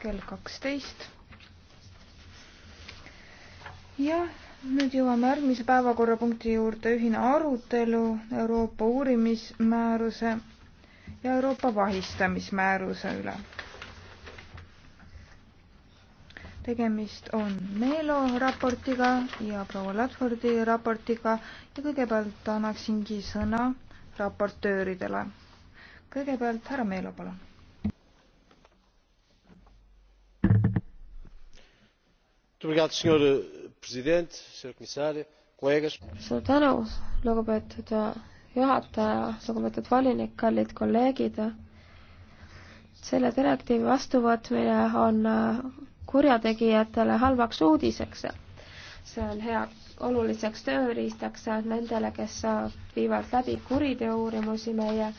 kell kaksteist. ja nüüd jõuame järgmise päevakorrapunkti juurde, ühine arutelu Euroopa uurimismääruse ja Euroopa vahistamismääruse üle. tegemist on Meelo raportiga ja proua Ladfordi raportiga ja kõigepealt annaksingi sõna raportööridele. kõigepealt härra Meelo, palun Eh, suur tänu, lugupeetud eh, juhataja, lugupeetud volinik, kallid kolleegid. selle direktiivi vastuvõtmine on eh, kurjategijatele halvaks uudiseks. see on hea, oluliseks tööriistaks nendele, kes viivad läbi kuriteo uurimusi meie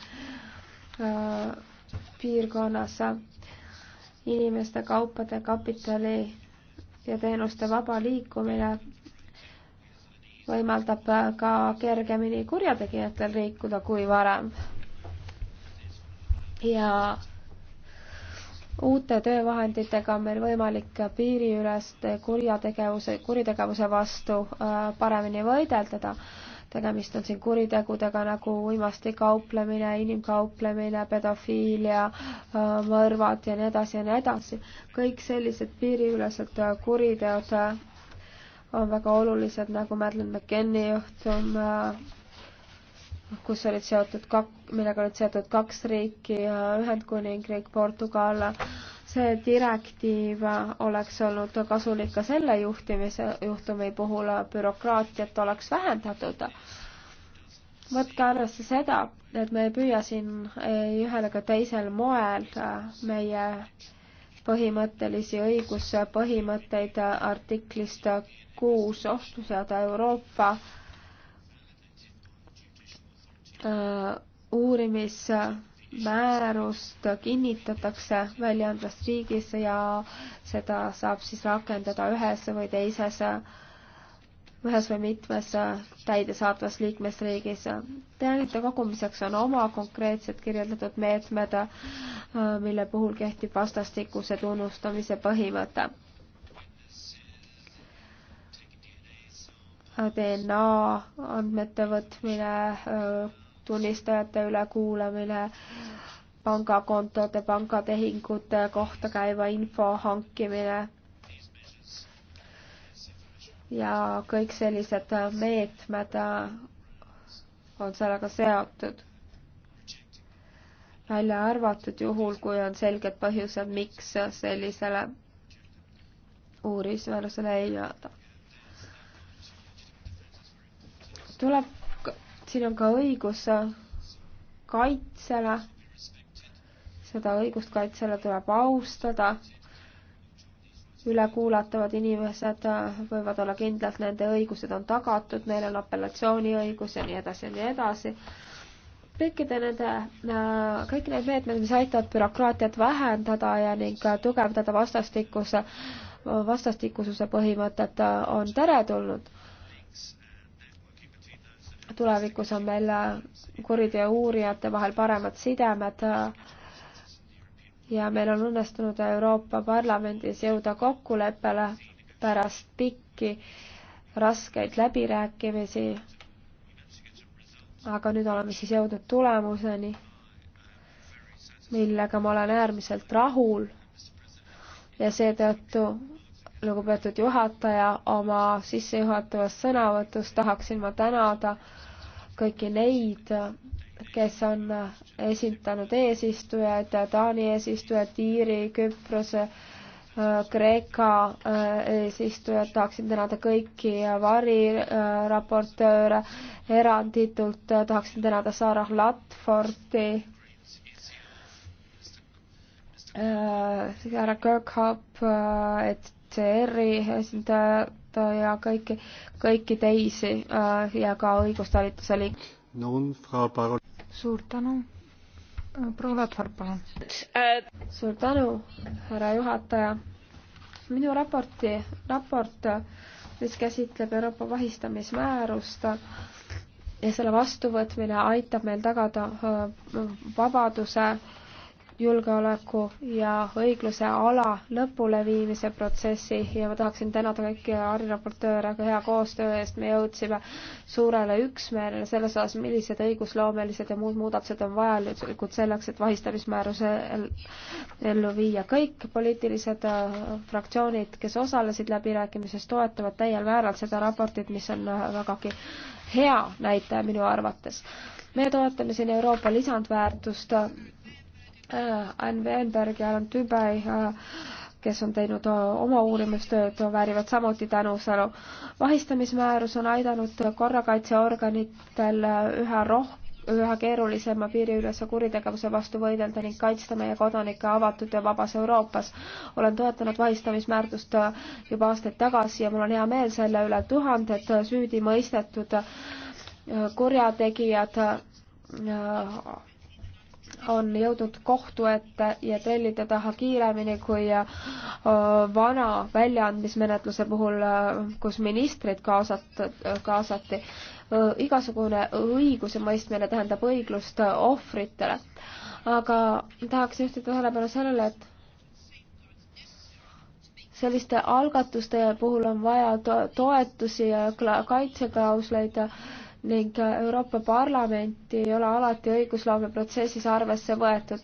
piirkonnas inimeste, kaupade, kapitali ja teenuste vaba liikumine võimaldab ka kergemini kurjategijatel liikuda kui varem. ja uute töövahenditega on meil võimalik piiriüleste kurjategevuse, kuritegevuse vastu äh, paremini võideldada tegemist on siin kuritegudega nagu uimasti kauplemine, inimkauplemine, pedofiilia, äh, mõrvad ja nii edasi ja nii edasi. kõik sellised piiriülesed äh, kuriteod äh, on väga olulised, nagu Madeleine McKenni juhtum, kus olid seotud kak-, millega olid seotud kaks riiki, Ühendkuningriik, Portugal see direktiiv oleks olnud kasulik ka selle juhtimise, juhtumi puhul bürokraatiat oleks vähendatud. võtke arvesse seda, et me ei püüa siin ei ühel ega teisel moel meie põhimõttelisi õiguspõhimõtteid artiklist kuus ohtu seada Euroopa äh, uurimis- määrust kinnitatakse väljaandvas riigis ja seda saab siis rakendada ühes või teises, ühes või mitmes täidesaatvas liikmesriigis. teavite kogumiseks on oma konkreetsed kirjeldatud meetmed, mille puhul kehtib vastastikuse tunnustamise põhimõte. DNA andmete võtmine tunnistajate ülekuulamine, pangakontode, pangatehingute kohta käiva info hankimine ja kõik sellised meetmed äh, on sellega seotud. välja arvatud juhul, kui on selged põhjused, miks sellisele uurimisväärusele ei jääda. tuleb siin on ka õigus kaitsele, seda õigust kaitsele tuleb austada, ülekuulatavad inimesed võivad olla kindlad, nende õigused on tagatud, neil on apellatsiooniõigus ja nii edasi ja nii edasi. kõikide nende, kõik need meetmed, mis aitavad bürokraatiat vähendada ja ning tugevdada vastastikuse, vastastikususe põhimõtet, on teretulnud tulevikus on meil äh, kuriteo uurijate vahel paremad sidemed äh, ja meil on õnnestunud Euroopa Parlamendis jõuda kokkuleppele pärast pikki raskeid läbirääkimisi. aga nüüd oleme siis jõudnud tulemuseni, millega ma olen äärmiselt rahul ja seetõttu lugupeetud juhataja, oma sissejuhatavas sõnavõtus tahaksin ma tänada kõiki neid, kes on esindanud eesistujad, Taani eesistujad, Iiri, Küprose, Kreeka äh, eesistujad, tahaksin tänada kõiki variraportööre, eranditult tahaksin tänada Sarah Latforti, äh, härra Kirkhope, et UNHCR-i esindajat ja kõiki, kõiki teisi äh, ja ka õigustalituse liikmeid. suur tänu. Äh, proua Ladvar, palun. suur tänu, härra juhataja. minu raporti, raport, mis käsitleb Euroopa vahistamismäärust, ja selle vastuvõtmine aitab meil tagada äh, vabaduse julgeoleku ja õigluse ala lõpuleviimise protsessi ja ma tahaksin tänada kõiki hariraportööre ka hea koostöö eest. me jõudsime suurele üksmeelele selles osas, millised õigusloomelised ja muud muudatused on vajalikud selleks, et vahistamismääruse ellu viia. kõik poliitilised äh, fraktsioonid, kes osalesid läbirääkimises, toetavad täiel määral seda raportit, mis on äh, vägagi hea näitaja minu arvates. me toetame siin Euroopa lisandväärtust Äh, Ann Weinberg ja Alan Tübei, äh, kes on teinud äh, oma uurimustööd, väärivad samuti tänusõnu. vahistamismäärus on aidanud korrakaitseorganitel üha rohkem üha keerulisema piiriülese kuritegevuse vastu võidelda ning kaitsta meie kodanike avatud ja vabas Euroopas. olen toetanud vahistamismäärdust juba aastaid tagasi ja mul on hea meel selle üle, tuhanded süüdi mõistetud kurjategijad on jõudnud kohtu ette ja tellida taha kiiremini kui äh, vana väljaandmismenetluse puhul, äh, kus ministrid kaasat-, kaasati. Äh, igasugune õigusemõistmine tähendab õiglust ohvritele. aga tahaks juhtida tähelepanu sellele, et selliste algatuste puhul on vaja to toetusi ja kaitseklausleid ning Euroopa Parlamenti ei ole alati õigusloomeprotsessis arvesse võetud.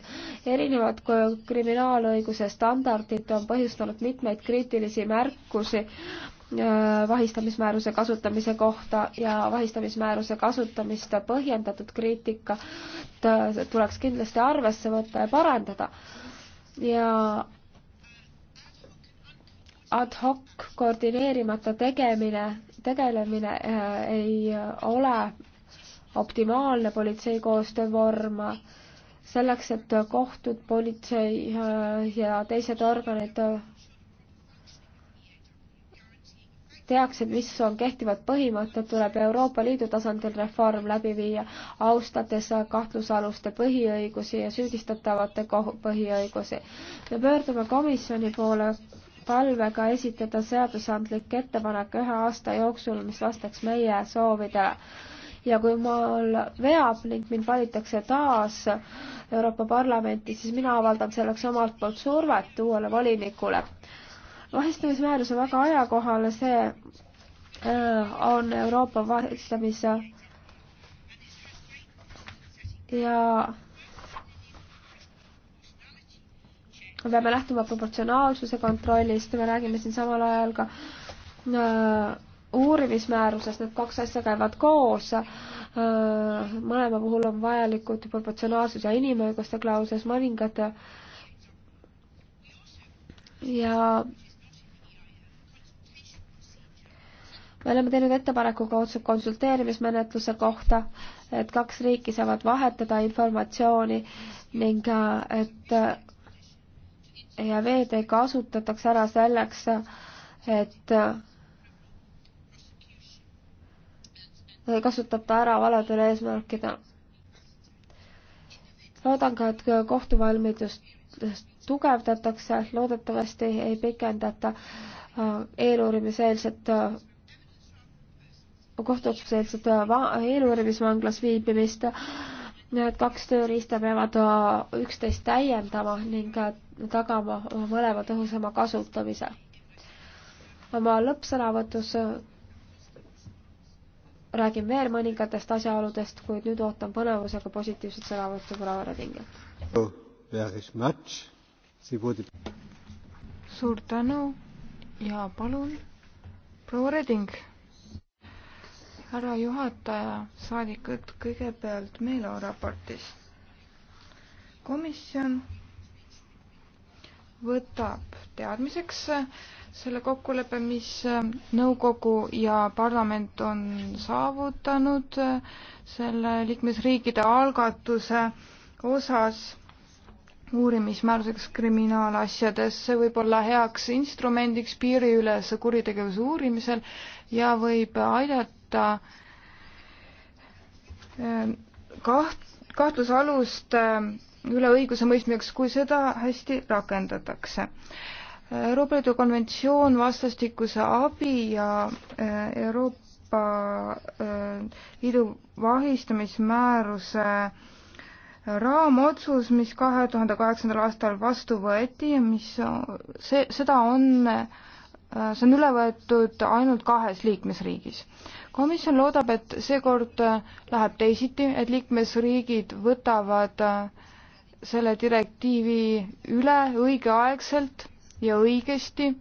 erinevad kriminaalõiguse standardid on põhjustanud mitmeid kriitilisi märkusi äh, vahistamismääruse kasutamise kohta ja vahistamismääruse kasutamist põhjendatud kriitikat tuleks kindlasti arvesse võtta ja parandada. ja ad hoc koordineerimata tegemine tegelemine äh, ei äh, ole optimaalne politsei koostöövorm selleks, et kohtud, politsei äh, ja teised organid teaksid, mis on kehtivad põhimõtted, tuleb Euroopa Liidu tasandil reform läbi viia, austades kahtlusaluste põhiõigusi ja süüdistatavate põhiõigusi. me pöördume komisjoni poole palvega esitada seadusandlik ettepanek ühe aasta jooksul, mis vastaks meie soovidele. ja kui mul veab ning mind valitakse taas Euroopa Parlamenti, siis mina avaldan selleks omalt poolt survet uuele volinikule. vahistamismäärus on väga ajakohane, see äh, on Euroopa vahistamise ja me peame lähtuma proportsionaalsuse kontrollist, me räägime siin samal ajal ka äh, uurimismääruses need kaks asja käivad koos. Äh, mõlema puhul on vajalikud proportsionaalsus ja inimõiguste klausles mõningad ja me oleme teinud ettepaneku ka otse konsulteerimismenetluse kohta, et kaks riiki saavad vahetada informatsiooni ning äh, et ja veeteed kasutatakse ära selleks, et kasutab ta ära valedel eesmärkidel. loodan ka, et kohtuvalmidust tugevdatakse, loodetavasti ei pikendata äh, eeluurimiseelset äh, kohtuotsuseelset äh, eeluurimisvanglas viibimist. Need kaks tööriista peavad üksteist täiendama ning tagama mõlema tõhusama kasutamise. oma lõppsõnavõtus räägin veel mõningatest asjaoludest, kuid nüüd ootan põnevusega positiivset sõnavõttu proua Redingilt. Oh, suur tänu ja palun, proua Reding. härra juhataja, saadikud, kõigepealt meeleoluraportist. komisjon võtab teadmiseks äh, selle kokkuleppe, mis äh, nõukogu ja parlament on saavutanud äh, selle liikmesriikide algatuse osas uurimismääruseks kriminaalasjades. see võib olla heaks instrumendiks piiriülese kuritegevuse uurimisel ja võib aidata kaht-, kahtlusaluste äh, üle õigusemõistmiseks, kui seda hästi rakendatakse. Euroopa Liidu konventsioon vastastikuse abi ja äh, Euroopa äh, Liidu vahistamismääruse äh, raamotsus, mis kahe tuhande kaheksandal aastal vastu võeti ja mis see, seda on, see on üle võetud ainult kahes liikmesriigis. komisjon loodab, et seekord läheb teisiti, et liikmesriigid võtavad äh, selle direktiivi üle õigeaegselt ja õigesti.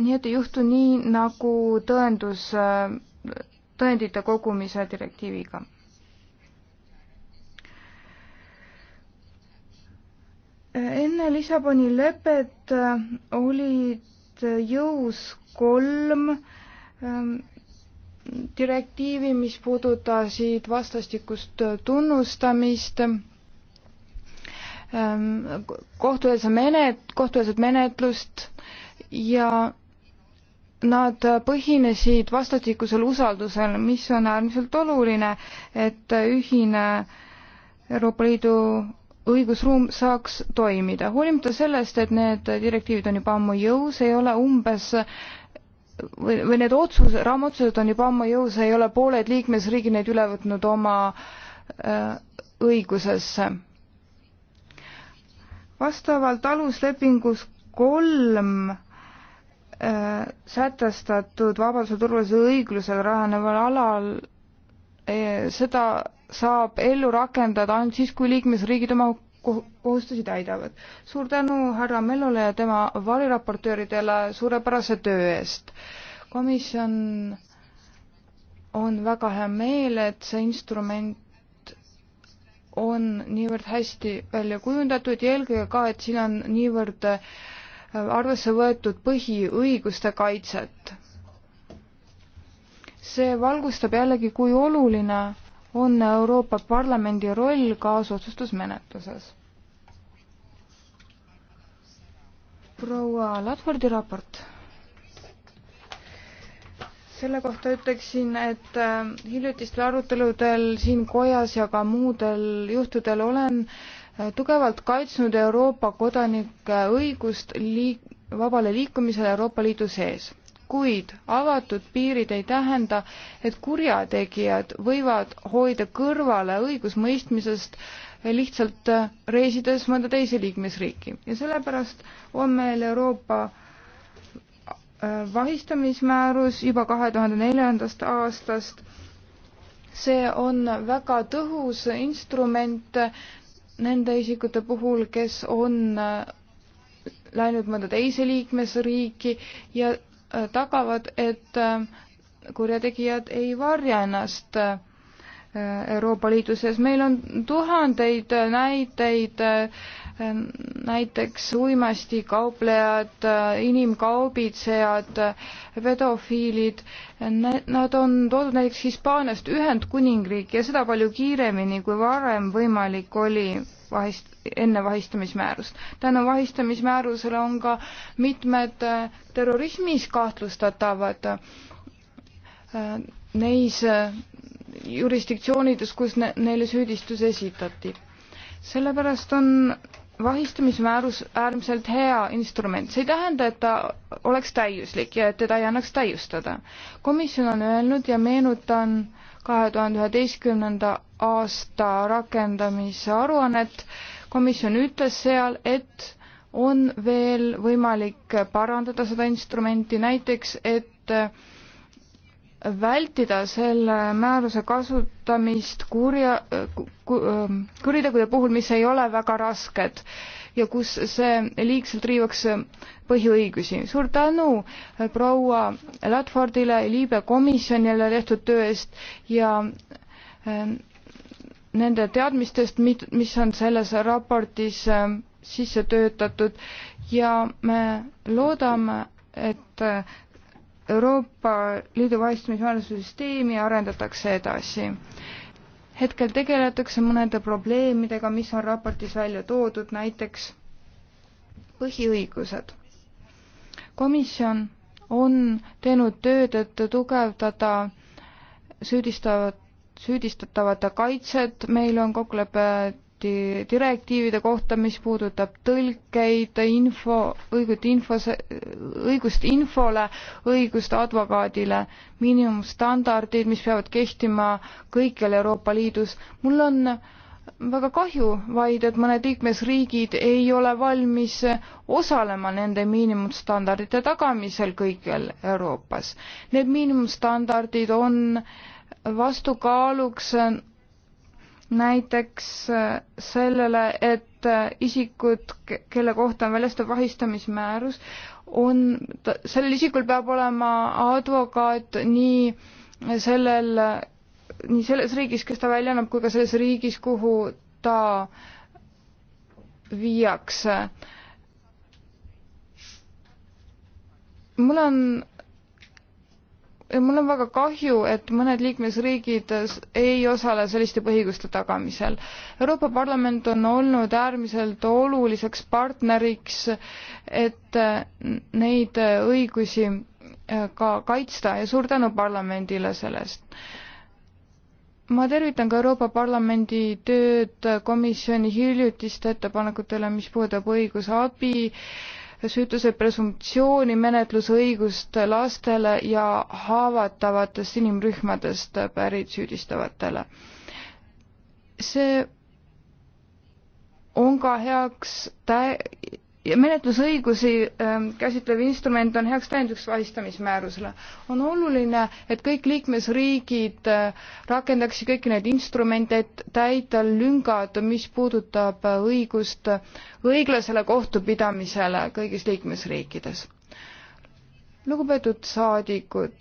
nii et ei juhtu nii, nagu tõendus, tõendite kogumise direktiiviga. enne Lissaboni lepet olid jõus kolm ähm, direktiivi, mis puudutasid vastastikust tunnustamist, ähm, kohtueelse menet-, kohtueelset menetlust ja nad põhinesid vastastikusel usaldusel, mis on äärmiselt oluline, et ühine Euroopa Liidu õigusruum saaks toimida. hoolimata sellest, et need direktiivid on juba ammu jõus, ei ole umbes või, või need otsus, raamotsused on juba ammu jõus, ei ole pooled liikmesriigid neid üle võtnud oma äh, õigusesse. vastavalt aluslepingus kolm äh, sätestatud vabaduse, turvalisuse, õiglusega rajaneval alal äh, seda saab ellu rakendada ainult siis, kui liikmesriigid oma kohustusi täidavad. suur tänu härra Mellule ja tema variraportööridele suurepärase töö eest. komisjon on väga hea meel, et see instrument on niivõrd hästi välja kujundatud ja eelkõige ka, et siin on niivõrd arvesse võetud põhiõiguste kaitset. see valgustab jällegi, kui oluline on Euroopa Parlamendi roll kaasotsustusmenetluses. proua Ladfordi raport. selle kohta ütleksin, et äh, hiljutistel aruteludel siin kojas ja ka muudel juhtudel olen äh, tugevalt kaitsnud Euroopa kodanike õigust liik-, vabale liikumisele Euroopa Liidu sees kuid avatud piirid ei tähenda, et kurjategijad võivad hoida kõrvale õigusmõistmisest lihtsalt reisides mõnda teise liikmesriiki ja sellepärast on meil Euroopa äh, vahistamismäärus juba kahe tuhande neljandast aastast. see on väga tõhus instrument nende isikute puhul, kes on äh, läinud mõnda teise liikmesriiki ja tagavad, et äh, kurjategijad ei varja ennast äh, Euroopa Liidu sees. meil on tuhandeid äh, näiteid, näiteks uimastikauplejad, inimkaubitsejad, pedofiilid, nad on toodud näiteks Hispaaniast Ühendkuningriiki ja seda palju kiiremini, kui varem võimalik oli vahist, enne vahistamismäärust. tänu vahistamismäärusele on ka mitmed äh, terrorismis kahtlustatavad äh, neis äh, jurisdiktsioonides, kus ne, neile süüdistus esitati. sellepärast on vahistamismäärus äärmiselt hea instrument, see ei tähenda, et ta oleks täiuslik ja et teda ei annaks täiustada. komisjon on öelnud ja meenutan äh, kahe tuhande üheteistkümnenda aasta rakendamise aruannet. komisjon ütles seal, et on veel võimalik parandada seda instrumenti, näiteks et vältida selle määruse kasutamist kurja, kuritegude puhul, mis ei ole väga rasked ja kus see liigselt riivaks põhiõigusi. suur tänu äh, proua Ladfordile, Liibe komisjonile tehtud töö eest ja ähm, nende teadmistest, mis on selles raportis ähm, sisse töötatud ja me loodame, et äh, Euroopa Liidu vahistamissüsteemi arendatakse edasi hetkel tegeletakse mõnede probleemidega, mis on raportis välja toodud, näiteks põhiõigused. komisjon on teinud tööd, et tugevdada süüdistavat, süüdistatavate kaitset, meil on kokkulepe samuti direktiivide kohta, mis puudutab tõlkeid, info, õigut infos, õigust infole, õigust advokaadile, miinimumstandardid, mis peavad kehtima kõikjal Euroopa Liidus. mul on väga kahju vaid, et mõned liikmesriigid ei ole valmis osalema nende miinimumstandardite tagamisel kõikjal Euroopas. Need miinimumstandardid on vastukaaluks näiteks äh, sellele, et äh, isikud, kelle kohta on väljastatud vahistamismäärus, on, sellel isikul peab olema advokaat nii sellel, nii selles riigis, kes ta välja annab, kui ka selles riigis, kuhu ta viiakse. mul on mul on väga kahju, et mõned liikmesriigid ei osale selliste põhiõiguste tagamisel. Euroopa Parlament on olnud äärmiselt oluliseks partneriks, et neid õigusi äh, ka kaitsta ja suur tänu parlamendile sellest. ma tervitan ka Euroopa Parlamendi tööd komisjoni hiljutiste ettepanekutele, mis puudutab õigusabi äh, süütuse presumptsiooni menetlusõigust lastele ja haavatavatest inimrühmadest pärit süüdistavatele. see on ka heaks tä-, menetlusõigusi ähm, käsitlev instrument on heaks täienduseks vahistamismäärusele. on oluline, et kõik liikmesriigid äh, rakendaksid kõiki neid instrumente, et täita lüngad, mis puudutab äh, õigust äh, õiglasele kohtupidamisele kõigis liikmesriikides. lugupeetud saadikud,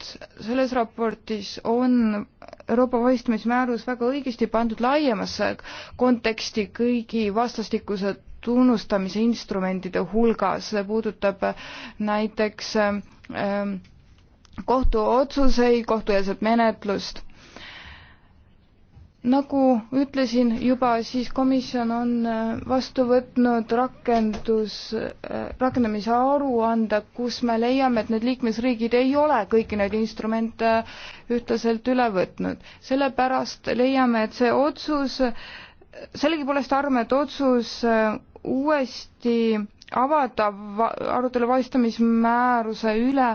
selles raportis on Euroopa vahistamismäärus väga õigesti pandud laiemasse konteksti kõigi vastastikused tunnustamise instrumentide hulgas, see puudutab näiteks ähm, kohtuotsuseid, kohtueelset menetlust. nagu ütlesin juba, siis komisjon on äh, vastu võtnud rakendus, äh, rakendamise aruande, kus me leiame, et need liikmesriigid ei ole kõiki neid instrumente äh, ühtlaselt üle võtnud. sellepärast leiame, et see otsus, sellegipoolest arvame, et otsus uuesti avada arutelu vahistamismääruse üle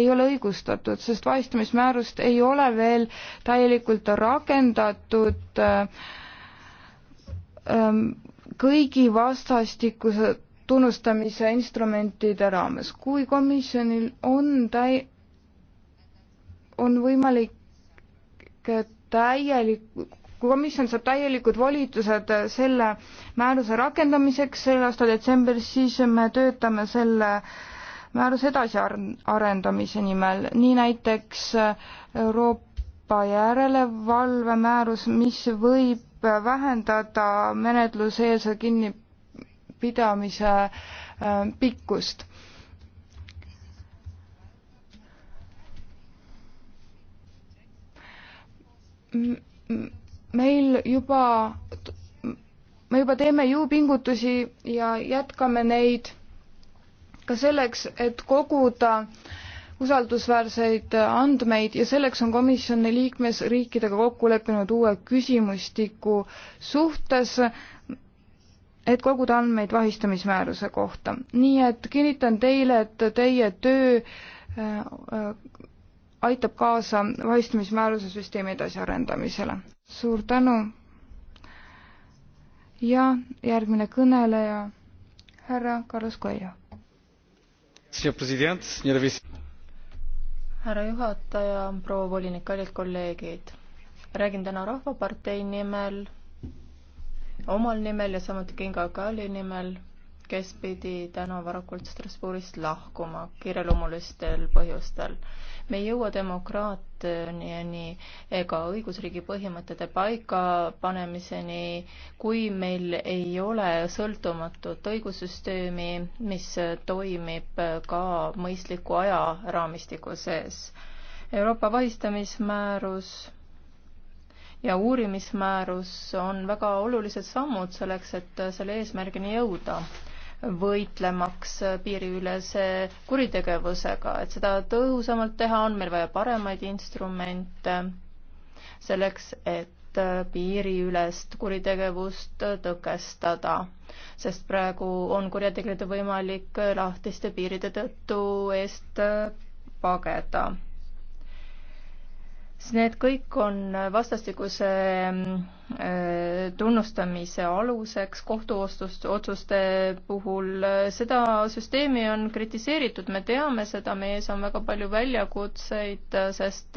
ei ole õigustatud, sest vahistamismäärust ei ole veel täielikult rakendatud äh, ähm, kõigi vastastikuse tunnustamise instrumentide raames. kui komisjonil on täi-, on võimalik täielik komisjon saab täielikud volitused selle määruse rakendamiseks selle aasta detsembris, siis me töötame selle määruse edasiarendamise nimel, nii näiteks Euroopa järelevalvemäärus, mis võib vähendada menetluse ees kinnipidamise äh, pikkust meil juba, me juba teeme jõupingutusi ja jätkame neid ka selleks, et koguda usaldusväärseid andmeid ja selleks on komisjon liikmesriikidega kokku leppinud uue küsimustiku suhtes, et koguda andmeid vahistamismääruse kohta. nii et kinnitan teile, et teie töö äh, äh, aitab kaasa vahistamismääruse süsteemi edasiarendamisele suur tänu. ja järgmine kõneleja, härra Carlos Coelho. härra juhataja, proua volinik, kallid kolleegid. räägin täna Rahvapartei nimel, omal nimel ja samuti Kinga Kali nimel kes pidi täna varakult Strasbourgist lahkuma kiireloomulistel põhjustel. me ei jõua demokraatiani ega õigusriigi põhimõtete paikapanemiseni, kui meil ei ole sõltumatut õigussüsteemi, mis toimib ka mõistliku ajaraamistiku sees. Euroopa vahistamismäärus ja uurimismäärus on väga olulised sammud selleks, et selle eesmärgini jõuda võitlemaks piiriülese kuritegevusega, et seda tõhusamalt teha, on meil vaja paremaid instrumente selleks, et piiriülest kuritegevust tõkestada, sest praegu on kurjategijate võimalik lahtiste piiride tõttu eest pageda need kõik on vastastikuse Äh, tunnustamise aluseks kohtuotsuste puhul. seda süsteemi on kritiseeritud, me teame seda, meie ees on väga palju väljakutseid, sest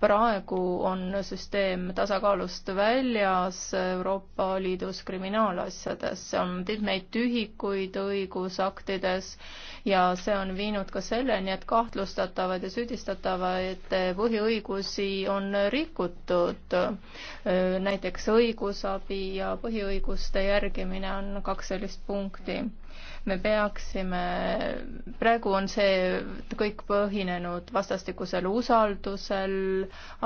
praegu on süsteem tasakaalust väljas Euroopa Liidus kriminaalasjades, on mitmeid tühikuid õigusaktides ja see on viinud ka selleni, et kahtlustatavad ja süüdistatavad põhiõigusi on rikutud. Äh, näiteks näiteks õigusabi ja põhiõiguste järgimine on kaks sellist punkti. me peaksime, praegu on see kõik põhinenud vastastikusel usaldusel,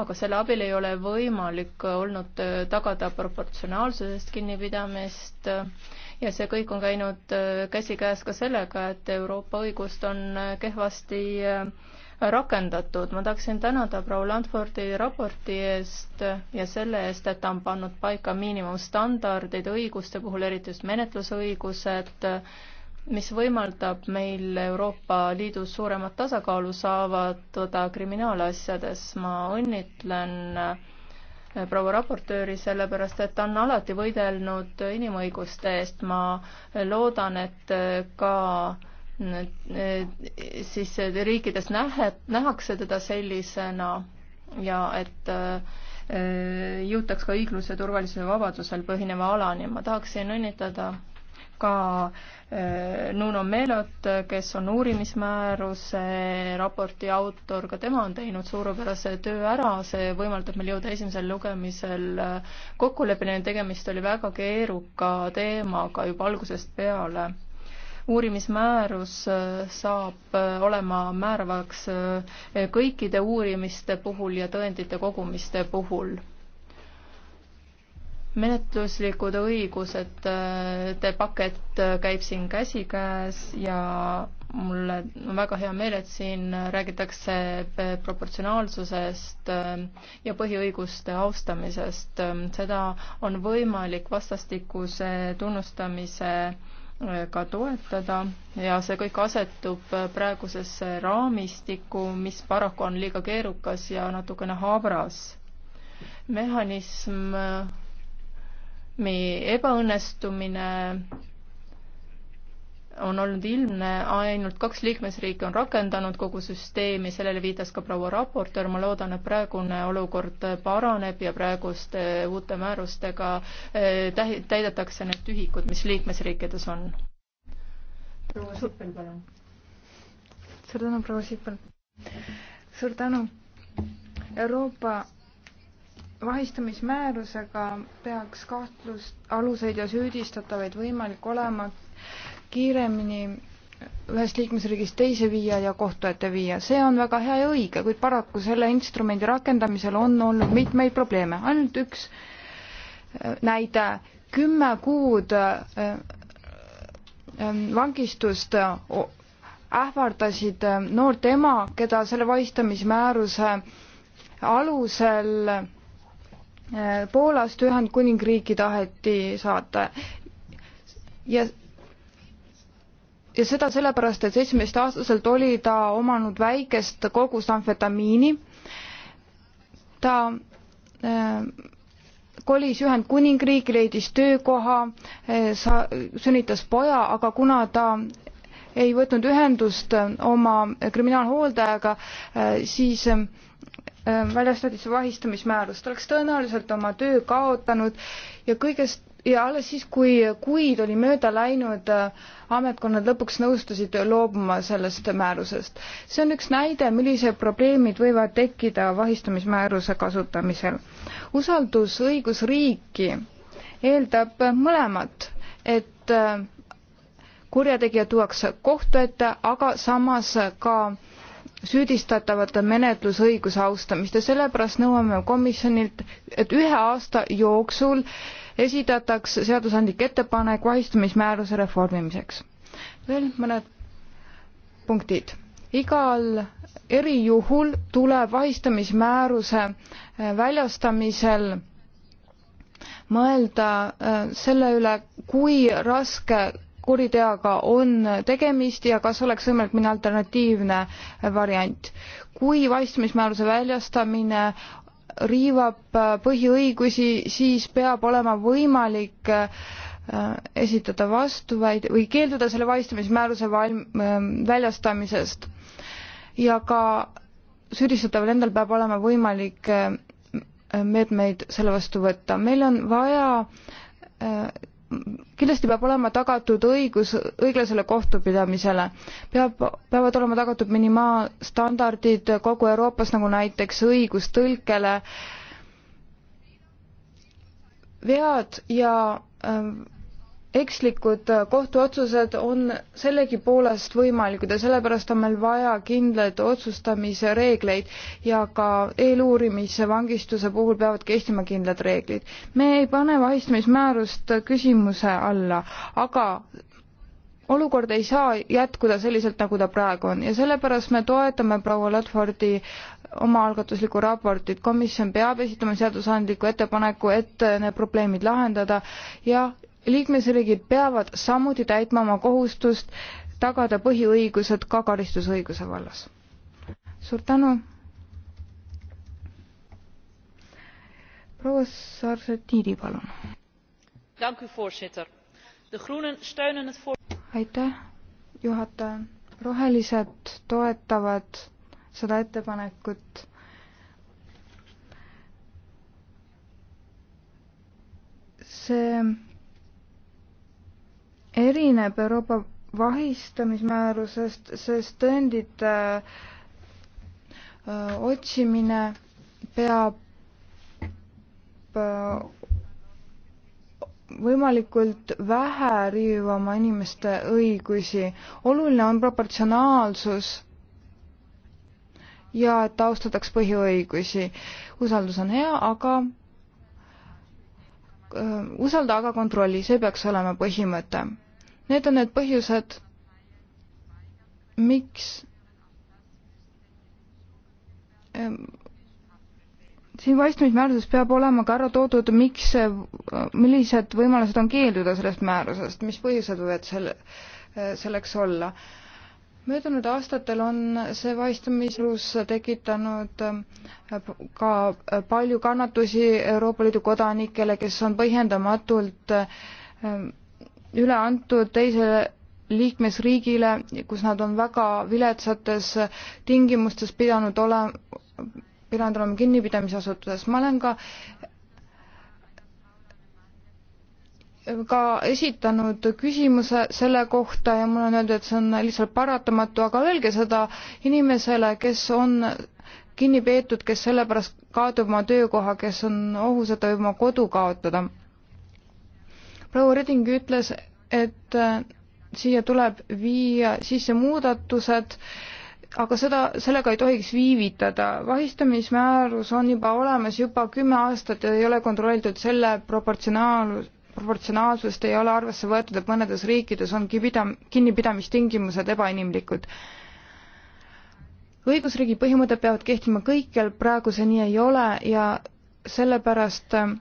aga selle abil ei ole võimalik olnud tagada proportsionaalsusest kinnipidamist ja see kõik on käinud käsikäes ka sellega, et Euroopa õigust on kehvasti rakendatud. ma tahaksin tänada proua Landfordi raporti eest ja selle eest, et ta on pannud paika miinimumstandardid õiguste puhul, eriti just menetlusõigused, mis võimaldab meil Euroopa Liidus suuremat tasakaalu saavutada kriminaalasjades. ma õnnitlen eh, proua raportööri, sellepärast et ta on alati võidelnud inimõiguste eest. ma loodan, et ka siis riikides nähe, nähakse teda sellisena ja et eh, jõutaks ka õigluse, turvalisuse, vabadusel põhineva alani. ma tahaksin õnnitleda ka eh, Nuno Melot, kes on uurimismääruse raporti autor, ka tema on teinud suurepärase töö ära, see võimaldab meil jõuda esimesel lugemisel eh, kokkuleppeni, tegemist oli väga keeruka teemaga juba algusest peale uurimismäärus äh, saab äh, olema määravaks äh, kõikide uurimiste puhul ja tõendite kogumiste puhul menetluslikud õigused, te pakett käib siin käsikäes ja mulle on väga hea meel, et siin räägitakse proportsionaalsusest ja põhiõiguste austamisest. seda on võimalik vastastikuse tunnustamise ka toetada ja see kõik asetub praegusesse raamistikku, mis paraku on liiga keerukas ja natukene habras. mehhanism, ebaõnnestumine on olnud ilmne, ainult kaks liikmesriiki on rakendanud kogu süsteemi, sellele viitas ka proua raportöör, ma loodan, et praegune olukord paraneb ja praeguste uute määrustega eh, tähi-, täidetakse need tühikud, mis liikmesriikides on. proua Sippel, palun. suur tänu, proua Sippel. suur tänu. Euroopa vahistamismäärusega peaks kahtlust, aluseid ja süüdistatavaid võimalik olema kiiremini ühest liikmesriigist teise viia ja kohtu ette viia. see on väga hea ja õige, kuid paraku selle instrumendi rakendamisel on olnud mitmeid probleeme. ainult üks äh, näide, kümme kuud äh, äh, vangistust ähvardasid noort ema, keda selle vahistamismääruse alusel Poolast Ühendkuningriiki taheti saata ja ja seda sellepärast, et seitsmeteistaastaselt oli ta omanud väikest kogust amfetamiini. ta äh, kolis Ühendkuningriigi, leidis töökoha, äh, sa-, sünnitas poja, aga kuna ta ei võtnud ühendust äh, oma kriminaalhooldajaga, äh, siis väljastati see vahistamismäärus. ta oleks tõenäoliselt oma töö kaotanud ja kõigest ja alles siis, kui kuid oli mööda läinud, ametkonnad lõpuks nõustusid loobuma sellest määrusest. see on üks näide, millised probleemid võivad tekkida vahistamismääruse kasutamisel. usaldus õigusriiki eeldab mõlemat, et äh, kurjategija tuuakse kohtu ette, aga samas ka süüdistatavate menetlusõiguse austamist ja sellepärast nõuame komisjonilt, et ühe aasta jooksul äh, esitataks seadusandlik ettepanek vahistamismääruse reformimiseks. veel mõned punktid. igal erijuhul tuleb vahistamismääruse eh, väljastamisel mõelda eh, selle üle, kui raske kuriteoga on tegemist ja kas oleks võimalik minna alternatiivne variant. kui vahistamismääruse väljastamine riivab äh, põhiõigusi, siis peab olema võimalik äh, esitada vastuväid- või keelduda selle vahistamismääruse valm-, ähm, väljastamisest. ja ka süüdistataval endal peab olema võimalik äh, meetmeid selle vastu võtta. meil on vaja kindlasti peab olema tagatud õigus õiglasele kohtupidamisele. peab, peavad olema tagatud minimaalstandardid kogu Euroopas, nagu näiteks õigus tõlkele, vead ja äh, ekslikud kohtuotsused on sellegipoolest võimalikud ja sellepärast on meil vaja kindlaid otsustamise reegleid ja ka eeluurimise vangistuse puhul peavad kehtima kindlad reeglid. me ei pane vahistamismäärust küsimuse alla, aga olukord ei saa jätkuda selliselt, nagu ta praegu on ja sellepärast me toetame proua Ladfordi omaalgatuslikku raportit. komisjon peab esitama seadusandliku ettepaneku, et need probleemid lahendada ja liikmesriigid peavad samuti täitma oma kohustust tagada põhiõigused ka karistusõiguse vallas. suur tänu. proua Sarsetini, palun. aitäh, juhataja. rohelised toetavad seda ettepanekut see erineb Euroopa vahistamismäärusest, sest tõendite otsimine peab võimalikult vähe riivama inimeste õigusi. oluline on proportsionaalsus ja et austataks põhiõigusi. usaldus on hea, aga Äh, usalda, aga kontrolli, see peaks olema põhimõte. Need on need põhjused, miks ähm, siin vaistamismääruses peab olema ka ära toodud, miks, äh, millised võimalused on keelduda sellest määrusest, mis põhjused võivad selle, äh, selleks olla möödunud aastatel on see vahistamislus tekitanud äh, ka äh, palju kannatusi Euroopa Liidu kodanikele, kes on põhjendamatult äh, üle antud teisele liikmesriigile, kus nad on väga viletsates tingimustes pidanud ole-, pidanud olema kinnipidamisasutuses. ma olen ka ka esitanud küsimuse selle kohta ja mulle on öeldud, et see on lihtsalt paratamatu, aga öelge seda inimesele, kes on kinni peetud, kes sellepärast kaotab oma töökoha, kes on ohus, et ta võib oma kodu kaotada. proua Reding ütles, et äh, siia tuleb viia sisse muudatused, aga seda, sellega ei tohiks viivitada. vahistamismäärus on juba olemas juba kümme aastat ja ei ole kontrollitud selle proportsionaalsust proportsionaalsust ei ole arvesse võetud, et mõnedes riikides on kipidam-, kinnipidamistingimused ebainimlikud. õigusriigi põhimõtted peavad kehtima kõikjal, praegu see nii ei ole ja sellepärast äh,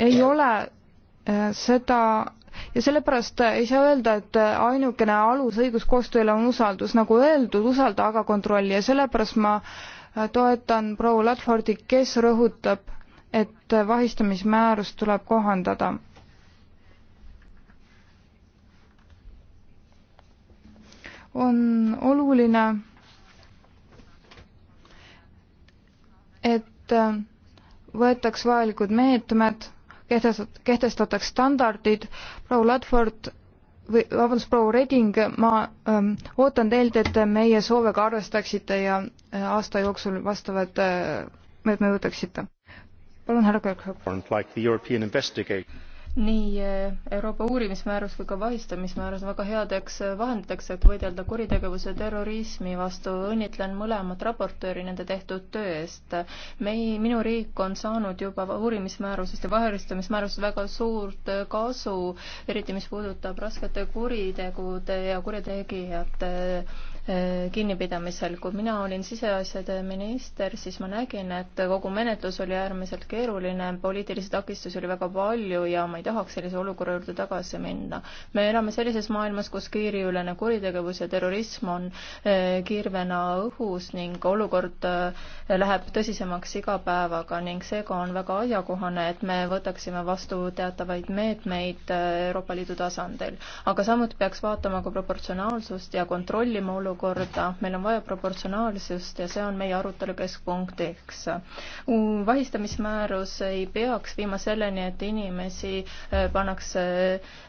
ei ole äh, seda ja sellepärast ei saa öelda, et ainukene alus õiguskoostööle on usaldus, nagu öeldud, usalda aga kontrolli ja sellepärast ma äh, toetan proua Ladfordi, kes rõhutab et vahistamismäärust tuleb kohandada. on oluline, et võetaks vajalikud meetmed, kehtestat-, kehtestataks standardid, proua Ladford või vabandust, proua Reding, ma ähm, ootan teilt, et te meie soove ka arvestaksite ja äh, aasta jooksul vastavad äh, meetmed võtaksite palun, härra Kirkhope. nii eh, Euroopa uurimismäärus kui ka vahistamismäärus on väga headeks eh, vahenditeks, et võidelda kuritegevuse ja terrorismi vastu. õnnitlen mõlemat raportööri nende tehtud töö eest. meie, minu riik on saanud juba uurimismäärusest ja vahistamismäärusest väga suurt eh, kasu, eriti mis puudutab raskete kuritegude ja kurjategijate Äh, kinnipidamisel. kui mina olin siseasjade minister, siis ma nägin, et kogu menetlus oli äärmiselt keeruline, poliitilisi takistusi oli väga palju ja ma ei tahaks sellise olukorra juurde tagasi minna. me elame sellises maailmas, kus piiriülene kuritegevus ja terrorism on äh, kirvena õhus ning olukord äh, läheb tõsisemaks iga päevaga ning seega on väga asjakohane, et me võtaksime vastu teatavaid meetmeid Euroopa Liidu tasandil. aga samuti peaks vaatama ka proportsionaalsust ja kontrollima olukorda, olukorda, meil on vaja proportsionaalsust ja see on meie arutelu keskpunktiks. vahistamismäärus ei peaks viima selleni, et inimesi äh, pannakse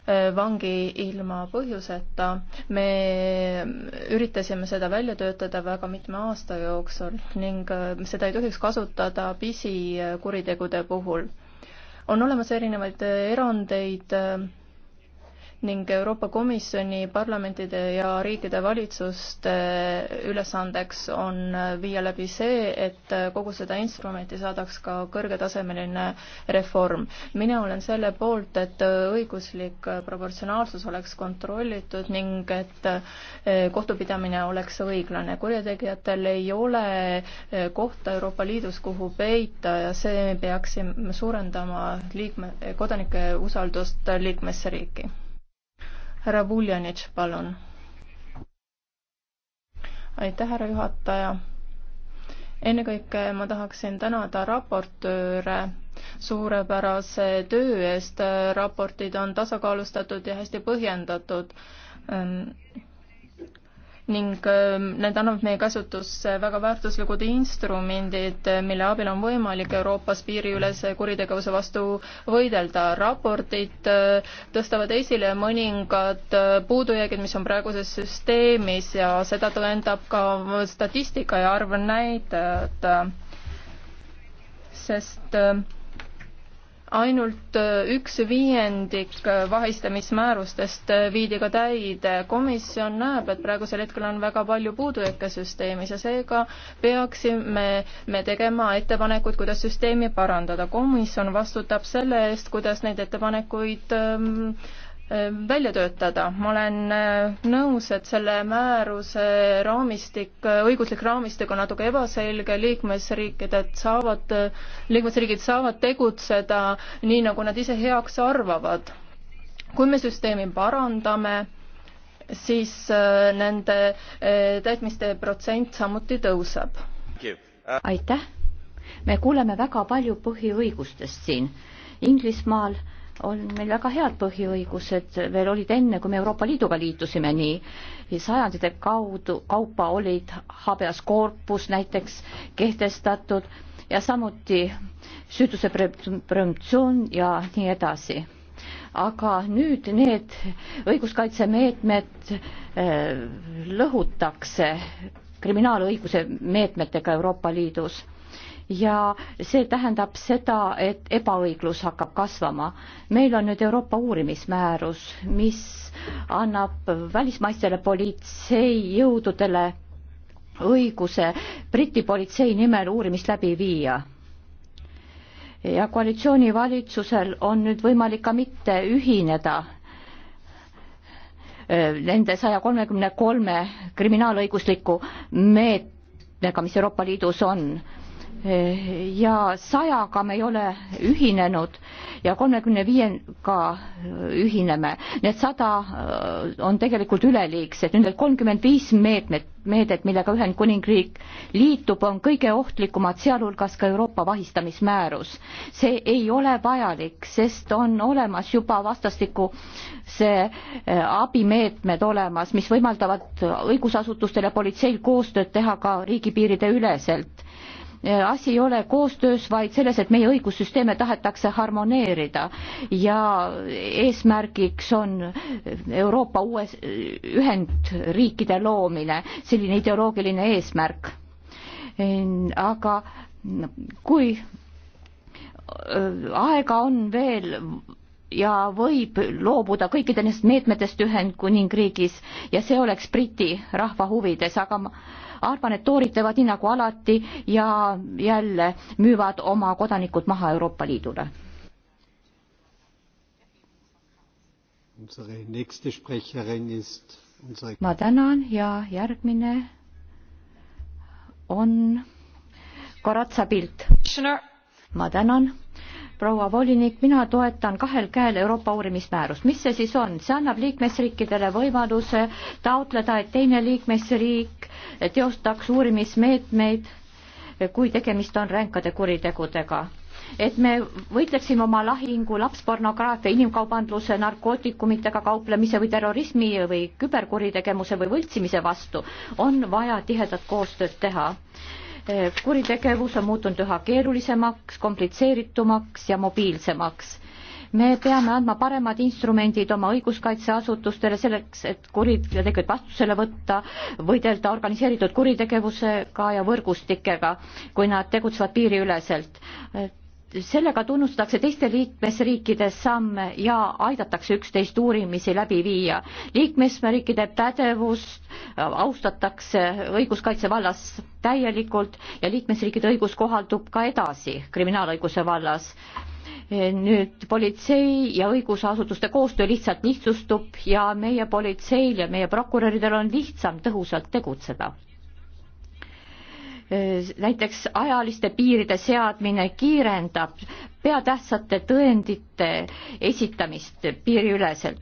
äh, vangi ilma põhjuseta. me üritasime seda välja töötada väga mitme aasta jooksul ning äh, seda ei tohiks kasutada pisikuritegude puhul on olemas erinevaid erandeid ning Euroopa Komisjoni, parlamentide ja riikide valitsuste ülesandeks on viia läbi see, et kogu seda instrumenti saadaks ka kõrgetasemeline reform. mina olen selle poolt, et õiguslik proportsionaalsus oleks kontrollitud ning et eh, kohtupidamine oleks õiglane. kurjategijatel ei ole eh, kohta Euroopa Liidus, kuhu peita ja see peaks suurendama liikme, kodanike usaldust liikmesriiki härra Vuljanitš, palun. aitäh, härra juhataja. ennekõike ma tahaksin tänada raportööre suurepärase töö eest. raportid on tasakaalustatud ja hästi põhjendatud ehm, ning ähm, need annavad meie käsutusse väga väärtuslikud instrumendid, mille abil on võimalik Euroopas piiriülese kuritegevuse vastu võidelda. raportid äh, tõstavad esile mõningad äh, puudujäägid, mis on praeguses süsteemis ja seda tõendab ka statistika ja arv näitajad, sest äh, ainult äh, üks viiendik äh, vahistamismäärustest äh, viidi ka täide. komisjon näeb, et praegusel hetkel on väga palju puudujääke süsteemis ja seega peaksime me tegema ettepanekuid, kuidas süsteemi parandada. komisjon vastutab selle eest, kuidas neid ettepanekuid ähm, Ehm, välja töötada. ma olen äh, nõus, et selle määruse raamistik, äh, õiguslik raamistik on natuke ebaselge, liikmesriikid saavad, äh, liikmesriigid saavad tegutseda nii, nagu nad ise heaks arvavad. kui me süsteemi parandame, siis nende täitmiste protsent samuti tõuseb. Uh, aitäh! me kuuleme väga palju põhiõigustest siin. Inglismaal äh, on meil väga head põhiõigused, veel olid enne, kui me Euroopa Liiduga liitusime nii, sajandite kaudu, kaupa olid habeas corpus näiteks kehtestatud ja samuti süütuse presumptsioon ja nii edasi. aga nüüd need õiguskaitsemeetmed eh, lõhutakse kriminaalõiguse meetmetega Euroopa Liidus ja see tähendab seda, et ebaõiglus hakkab kasvama. meil on nüüd Euroopa uurimismäärus, mis annab välismaistele politseijõududele õiguse Briti politsei nimel uurimist läbi viia ja koalitsioonivalitsusel on nüüd võimalik ka mitte ühineda äh, nende saja kolmekümne kolme kriminaalõigusliku meetmega, mis Euroopa Liidus on Eh, ja sajaga me ei ole ühinenud ja kolmekümne viiega ühineme. Need sada eh, on tegelikult üleliigsed, nüüd need kolmkümmend viis meetmet, meedet, millega Ühendkuningriik liitub, on kõige ohtlikumad, sealhulgas ka Euroopa vahistamismäärus. see ei ole vajalik, sest on olemas juba vastastikuse eh, abimeetmed olemas, mis võimaldavad õigusasutustel ja politseil koostööd teha ka riigipiiride üleselt Äh, asi ei ole koostöös, vaid selles, et meie õigussüsteeme tahetakse harmoneerida ja eesmärgiks on Euroopa uues, ühendriikide loomine, selline ideoloogiline eesmärk. Äh, aga kui äh, aega on veel ja võib loobuda kõikidest meetmetest Ühendkuningriigis ja see oleks Briti rahva huvides, aga ma arvan, et toorid teevad nii nagu alati ja jälle müüvad oma kodanikud maha Euroopa Liidule. ma tänan ja järgmine on Karatsa pilt. ma tänan proua volinik, mina toetan kahel käel Euroopa uurimismäärust. mis see siis on? see annab liikmesriikidele võimaluse taotleda, et teine liikmesriik teostaks uurimismeetmeid, kui tegemist on ränkade kuritegudega et me võitleksime oma lahingu lapspornograafia, inimkaubandluse, narkootikumitega kauplemise või terrorismi või küberkuritegevuse või võltsimise vastu, on vaja tihedat koostööd teha kuritegevus on muutunud üha keerulisemaks, komplitseeritumaks ja mobiilsemaks. me peame andma paremad instrumendid oma õiguskaitseasutustele selleks, et kuritegusid vastusele võtta, võidelda organiseeritud kuritegevusega ja võrgustikega, kui nad tegutsevad piiriüleselt sellega tunnustatakse teiste liikmesriikide samme ja aidatakse üksteist uurimisi läbi viia. liikmesriikide pädevust austatakse õiguskaitse vallas täielikult ja liikmesriikide õigus kohaldub ka edasi kriminaalõiguse vallas. nüüd politsei ja õigusasutuste koostöö lihtsalt lihtsustub ja meie politseil ja meie prokuröridel on lihtsam tõhusalt tegutseda näiteks ajaliste piiride seadmine kiirendab peatähtsate tõendite esitamist piiriüleselt.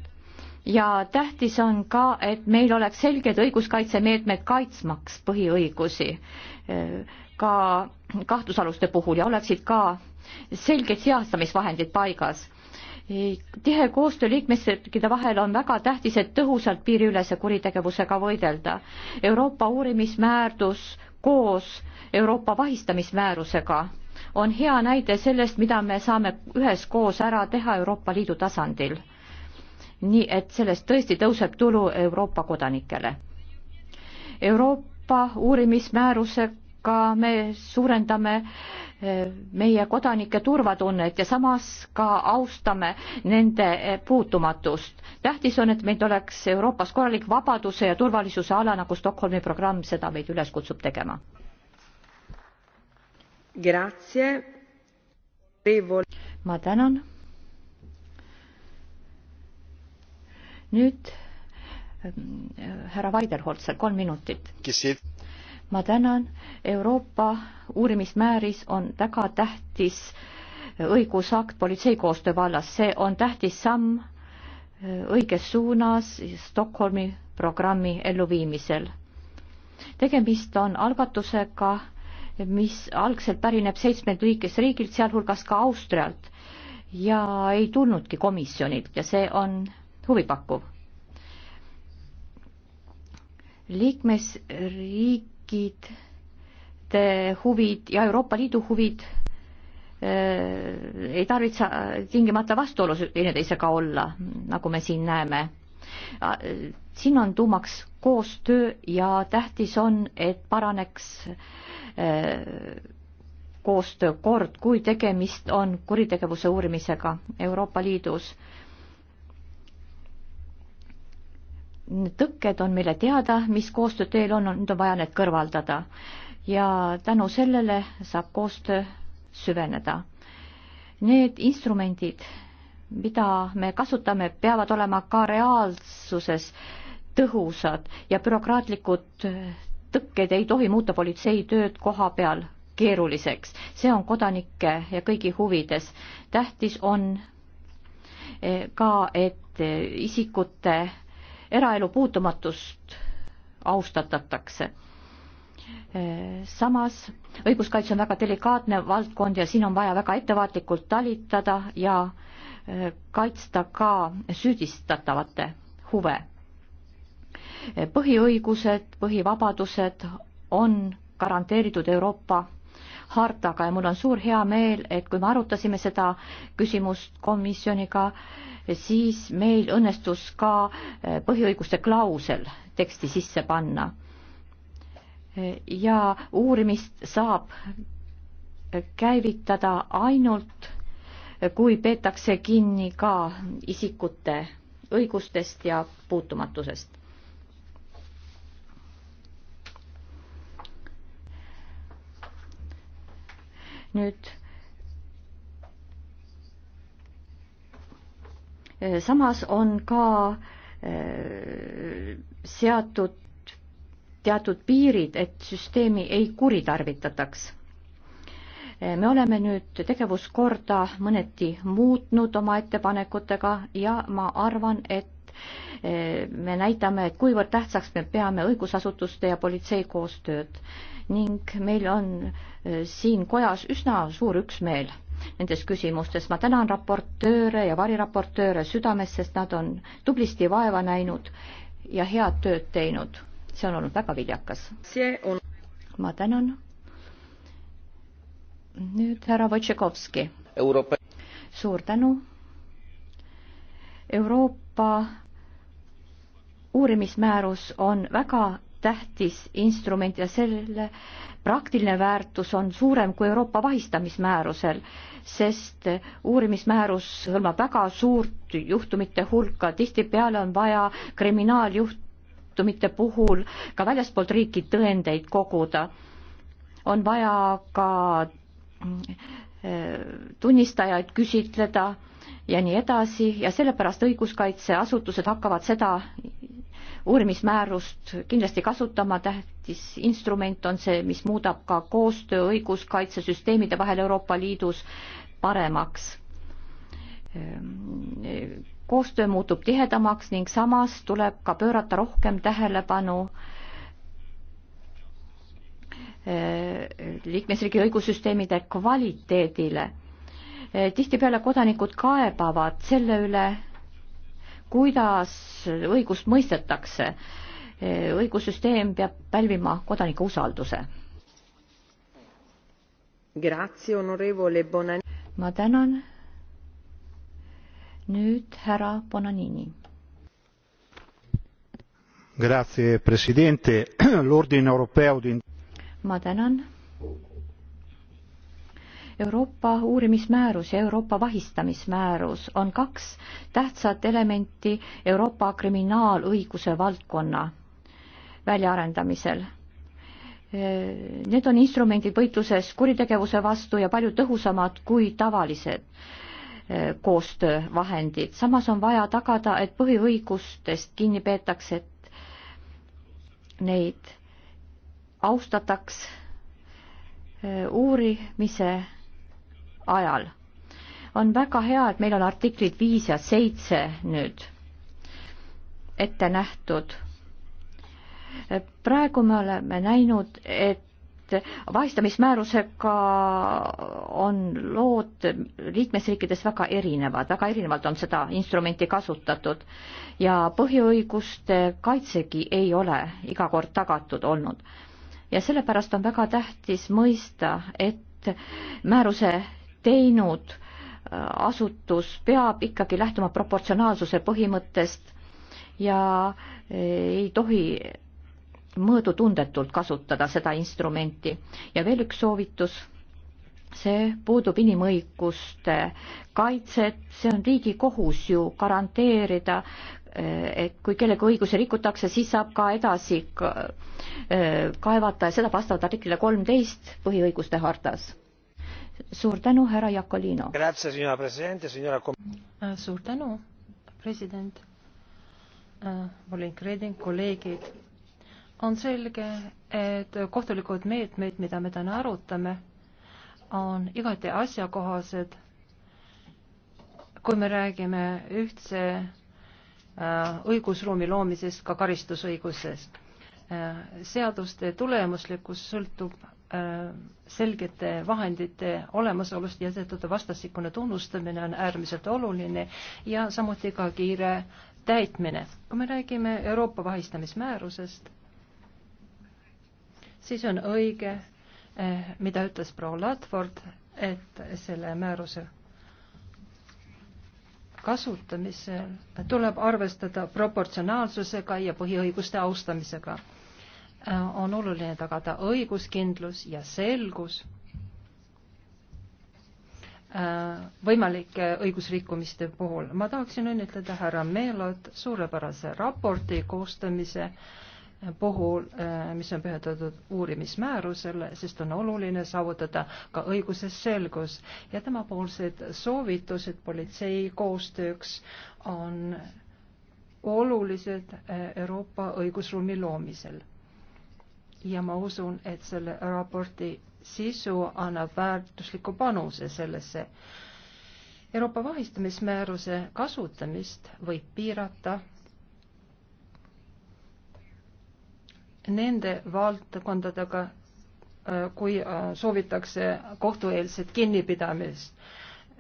ja tähtis on ka, et meil oleks selged õiguskaitsemeetmed kaitsmaks põhiõigusi ka kahtlusaluste puhul ja oleksid ka selged heastamisvahendid paigas tihe koostöö liikmesriikide vahel on väga tähtis, et tõhusalt piiriülese kuritegevusega võidelda. Euroopa uurimismäärdus koos Euroopa vahistamismäärusega on hea näide sellest, mida me saame üheskoos ära teha Euroopa Liidu tasandil. nii et sellest tõesti tõuseb tulu Euroopa kodanikele. Euroopa uurimismäärusega sellega me suurendame eh, meie kodanike turvatunnet ja samas ka austame nende eh, puutumatust. tähtis on, et meil oleks Euroopas korralik vabaduse ja turvalisuse ala, nagu Stockholmi programm seda meid üles kutsub tegema. ma tänan. nüüd eh, härra Vaiderholtser, kolm minutit ma tänan, Euroopa uurimismääris on väga tähtis õigusakt politsei koostöö vallas, see on tähtis samm äh, õiges suunas Stockholmi programmi elluviimisel. tegemist on algatusega, mis algselt pärineb seitsmelt liikmesriigilt, sealhulgas ka Austrialt ja ei tulnudki komisjonilt ja see on huvipakkuv. liikmesriik riikide huvid ja Euroopa Liidu huvid eh, ei tarvitse tingimata vastuolus teineteisega olla, nagu me siin näeme. Ah, siin on tuumaks koostöö ja tähtis on, et paraneks eh, koostöökord, kui tegemist on kuritegevuse uurimisega Euroopa Liidus tõkked on meile teada, mis koostöö teel on, nüüd on vaja need kõrvaldada. ja tänu sellele saab koostöö süveneda. Need instrumendid, mida me kasutame, peavad olema ka reaalsuses tõhusad ja bürokraatlikud tõkked ei tohi muuta politsei tööd koha peal keeruliseks. see on kodanike ja kõigi huvides. tähtis on eh, ka, et eh, isikute eraelu puutumatust austatakse. samas õiguskaitse on väga delikaatne valdkond ja siin on vaja väga ettevaatlikult talitada ja eh, kaitsta ka süüdistatavate huve. põhiõigused, põhivabadused on garanteeritud Euroopa hartaga ja mul on suur heameel, et kui me arutasime seda küsimust komisjoniga, siis meil õnnestus ka eh, põhiõiguste klausel teksti sisse panna. ja uurimist saab eh, käivitada ainult, eh, kui peetakse kinni ka isikute õigustest ja puutumatusest. nüüd eh, samas on ka eh, seatud teatud piirid, et süsteemi ei kuritarvitataks. Eh, me oleme nüüd tegevuskorda mõneti muutnud oma ettepanekutega ja ma arvan, et Eh, me näitame, kuivõrd tähtsaks me peame õigusasutuste ja politsei koostööd ning meil on eh, siin kojas üsna suur üksmeel nendes küsimustes. ma tänan raportööre ja variraportööre südames, sest nad on tublisti vaeva näinud ja head tööd teinud. see on olnud väga viljakas. see on. ma tänan. nüüd härra Wojtšekovski Euroopa.... suur tänu. Euroopa uurimismäärus on väga tähtis instrument ja selle praktiline väärtus on suurem kui Euroopa vahistamismäärusel, sest uurimismäärus hõlmab väga suurt juhtumite hulka, tihtipeale on vaja kriminaaljuhtumite puhul ka väljaspoolt riiki tõendeid koguda. on vaja ka äh, tunnistajaid küsitleda ja nii edasi ja sellepärast õiguskaitseasutused hakkavad seda uurimismäärust kindlasti kasutama, tähtis instrument on see, mis muudab ka koostöö õiguskaitsesüsteemide vahel Euroopa Liidus paremaks. koostöö muutub tihedamaks ning samas tuleb ka pöörata rohkem tähelepanu eh, liikmesriigi õigussüsteemide kvaliteedile. Eh, tihtipeale kodanikud kaebavad selle üle, kuidas õigust mõistetakse. õigussüsteem peab pälvima kodanike usalduse. ma tänan. nüüd härra Bonanini. ma tänan Euroopa uurimismäärus ja Euroopa vahistamismäärus on kaks tähtsat elementi Euroopa kriminaalõiguse valdkonna väljaarendamisel. Need on instrumendid võitluses kuritegevuse vastu ja palju tõhusamad kui tavalised eh, koostöövahendid. samas on vaja tagada, et põhiõigustest kinni peetakse, et neid austataks eh, uurimise ajal. on väga hea, et meil on artiklid viis ja seitse nüüd ette nähtud. praegu me oleme näinud, et vahistamismäärusega on lood liikmesriikides väga erinevad, väga erinevalt on seda instrumenti kasutatud ja põhiõiguste kaitsegi ei ole iga kord tagatud olnud. ja sellepärast on väga tähtis mõista, et määruse teinud äh, asutus peab ikkagi lähtuma proportsionaalsuse põhimõttest ja äh, ei tohi mõõdutundetult kasutada seda instrumenti. ja veel üks soovitus, see puudub inimõiguste kaitset, see on riigi kohus ju garanteerida, äh, et kui kellegi õigusi rikutakse, siis saab ka edasi kaevata ja seda vastavalt artiklile kolmteist põhiõiguste hartas suur tänu, härra Jakolino. Äh, suur tänu, president äh,, volinik Reding, kolleegid. on selge, et kohtulikud meetmed, mida me täna arutame, on igati asjakohased, kui me räägime ühtse äh, õigusruumi loomisest ka karistusõiguses äh,. seaduste tulemuslikkus sõltub Äh, selgete vahendite olemasolust ja seetõttu vastastikune tunnustamine on äärmiselt oluline ja samuti ka kiire täitmine. kui me räägime Euroopa vahistamismäärusest, siis on õige, äh, mida ütles proua Ladford, et selle määruse kasutamisel tuleb arvestada proportsionaalsusega ja põhiõiguste austamisega Äh, on oluline tagada õiguskindlus ja selgus äh, võimalike õigusrikkumiste puhul. ma tahaksin õnnitleda härra Meelot suurepärase raporti koostamise äh, puhul, mis on pühendatud uurimismäärusele, sest on oluline saavutada ka õiguses selgus ja temapoolsed soovitused politsei koostööks on olulised Euroopa õigusruumi loomisel ja ma usun, et selle raporti sisu annab väärtusliku panuse sellesse. Euroopa vahistamismääruse kasutamist võib piirata nende valdkondadega, äh, kui äh, soovitakse kohtueelset kinnipidamist,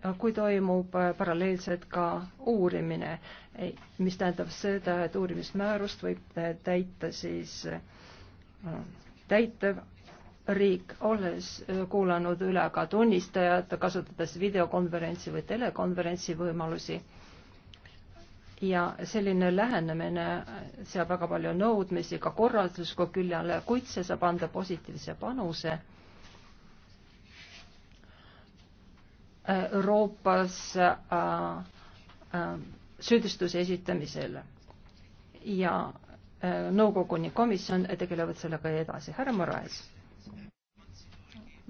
äh, kui toimub paralleelselt ka uurimine, mis tähendab seda, et uurimismäärust võib täita siis äh, täitev riik, olles äh, kuulanud üle ka tunnistajad, kasutades videokonverentsi või telekonverentsi võimalusi. ja selline lähenemine seab väga palju nõudmisi ka korraldusliku küljele, kuid see saab anda positiivse panuse Euroopas äh, äh, süüdistuse esitamisel ja Äh, nõukogu ning komisjon tegelevad sellega edasi. härra Moraes.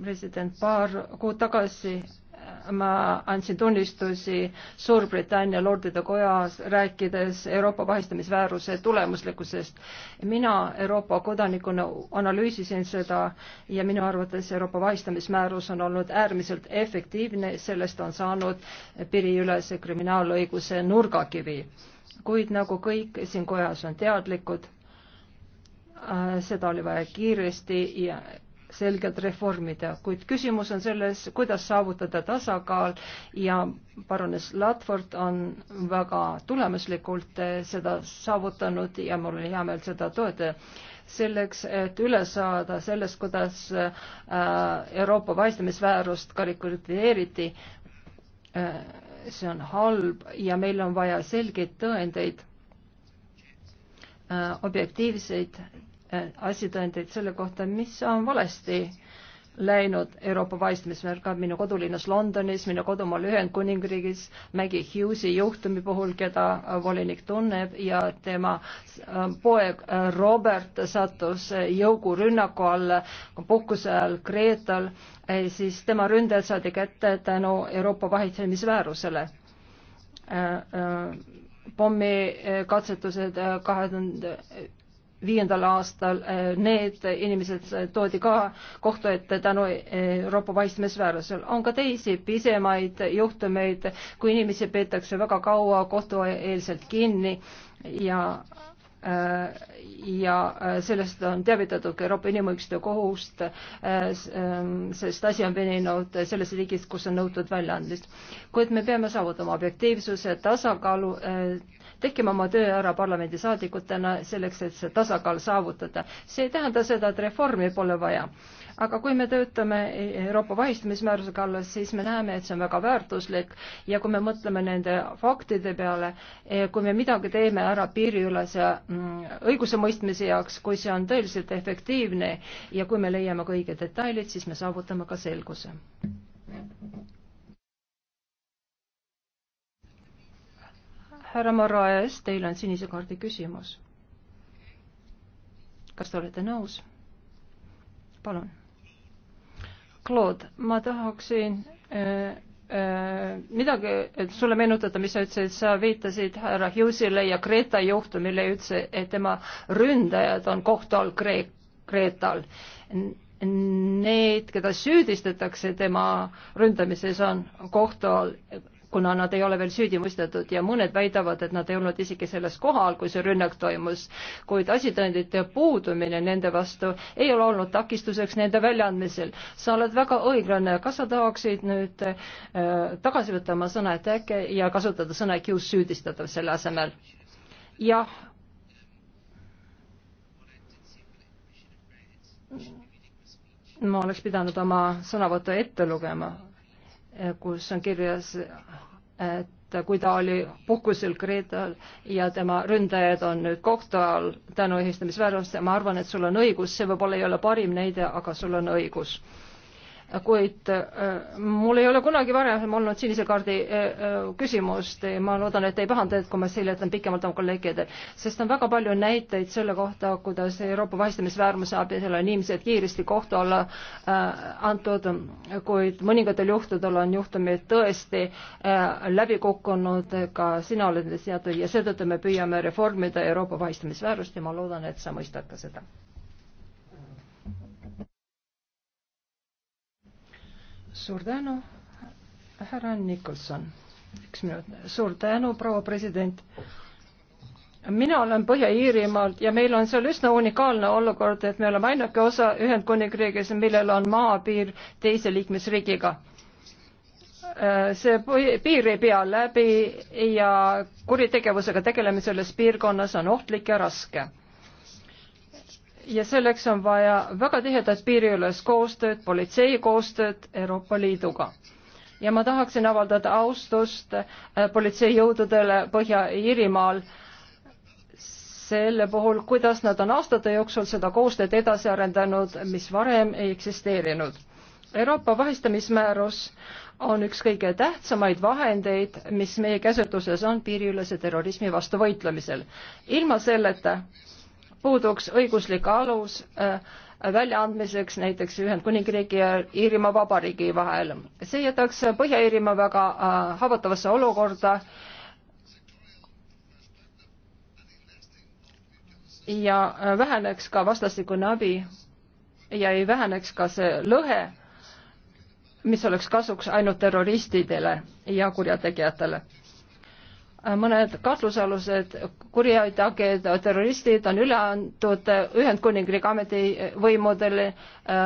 president, paar kuud tagasi äh, ma andsin tunnistusi Suurbritannia Lordide Kojas rääkides Euroopa vahistamisvääruse tulemuslikkusest. mina Euroopa kodanikuna analüüsisin seda ja minu arvates Euroopa vahistamismäärus on olnud äärmiselt efektiivne, sellest on saanud piiriülese kriminaalõiguse nurgakivi kuid nagu kõik siin kojas on teadlikud, äh, seda oli vaja kiiresti ja selgelt reformida, kuid küsimus on selles, kuidas saavutada tasakaal ja parunes Ladford on väga tulemuslikult äh, seda saavutanud ja mul on hea meel seda toetada. selleks, et üle saada sellest, kuidas äh, Euroopa vaistlemisväärust karikuleeriti, see on halb ja meil on vaja selgeid tõendeid, äh, objektiivseid äh, asitõendeid selle kohta, mis on valesti läinud Euroopa vaistmismärk on minu kodulinnas Londonis, minu kodumaal Ühendkuningriigis Maggie Hughes'i juhtumi puhul, keda volinik tunneb ja tema äh, poeg äh, Robert sattus äh, jõugurünnaku alla puhkuse ajal Kreetal, siis tema ründajad saadi kätte tänu Euroopa vahisemisväärusele pommikatsetused kahe tuhande viiendal aastal eh, need inimesed eh, toodi ka kohtu ette tänu eh, Euroopa paistmisväärsusel. on ka teisi pisemaid juhtumeid, kui inimesi peetakse väga kaua kohtueelselt kinni ja ja sellest on teavitatud ka Euroopa Inimõiguste Kohust, sest asi on veninud selles riigis, kus on nõutud väljaandmist. kuid me peame saavutama objektiivsuse, tasakaalu tegema oma töö ära parlamendisaadikutena selleks, et see tasakaal saavutada. see ei tähenda seda, et reformi pole vaja. aga kui me töötame Euroopa vahistamismääruse kallal, siis me näeme, et see on väga väärtuslik ja kui me mõtleme nende faktide peale, eh, kui me midagi teeme ära piiriülese mm, õigusemõistmise jaoks, kui see on tõeliselt efektiivne ja kui me leiame ka õiged detailid, siis me saavutame ka selguse. härra Moraes, teil on sinise kaardi küsimus. kas te olete nõus? palun. Claude, ma tahaksin äh, äh, midagi sulle meenutada, mis sa ütlesid, sa viitasid härra Hughesile ja Kreeta juhtumile ja ütlesid, et tema ründajad on kohtu all Kreek-, Kreetal need, keda süüdistatakse tema ründamises, on kohtu all kuna nad ei ole veel süüdi mõistetud ja mõned väidavad, et nad ei olnud isegi selles kohal, kui see rünnak toimus, kuid asitõendite puudumine nende vastu ei ole olnud takistuseks nende väljaandmisel. sa oled väga õiglane, kas sa tahaksid nüüd äh, tagasi võtta oma sõna attack ja kasutada sõna accused süüdistatav selle asemel? jah. ma oleks pidanud oma sõnavõttu ette lugema Eh, kus on kirjas, et kui ta oli puhkusel Kreetal ja tema ründajad on nüüd kohtu all tänu ehistamisväärtuste, ma arvan, et sul on õigus, see võib-olla ei ole parim näide, aga sul on õigus kuid äh, mul ei ole kunagi varem olnud sinise kaardi äh, äh, küsimust ja ma loodan, et ei pahanda, et kui ma seletan pikemalt oma kolleegidel, sest on väga palju näiteid selle kohta, kuidas Euroopa vahistamisväärmuse abil on inimesed kiiresti kohtu alla antud, kuid mõningatel juhtudel on juhtumid tõesti läbi kukkunud, ka sina oled seatud ja seetõttu me püüame reformida Euroopa vahistamisväärust ja ma loodan, et sa mõistad ka seda. suur tänu, härra Nikolson, üks minut, suur tänu, proua president mina olen Põhja-Iirimaalt ja meil on seal üsna unikaalne olukord, et me oleme ainuke osa Ühendkuningriigis, millel on maapiir teise liikmesriigiga. Äh, see piir ei pea läbi ja kuritegevusega tegelemine selles piirkonnas on ohtlik ja raske ja selleks on vaja väga tihedat piiriülest koostööd, politsei koostööd Euroopa Liiduga. ja ma tahaksin avaldada austust äh, politseijõududele Põhja-Iirimaal selle puhul, kuidas nad on aastate jooksul seda koostööd edasi arendanud, mis varem ei eksisteerinud. Euroopa vahistamismäärus on üks kõige tähtsamaid vahendeid, mis meie käsutuses on piiriülese terrorismi vastu võitlemisel. ilma selleta puuduks õiguslik alus äh, väljaandmiseks näiteks Ühendkuningriigi ja Iirimaa Vabariigi vahel. see jätaks Põhja-Iirimaa väga äh, haavatavasse olukorda ja äh, väheneks ka vastastikune abi ja ei väheneks ka see lõhe, mis oleks kasuks ainult terroristidele ja kurjategijatele Äh, mõned kahtlusalused kurjategijad, terroristid on üle antud Ühendkuningriigi ametivõimudele äh,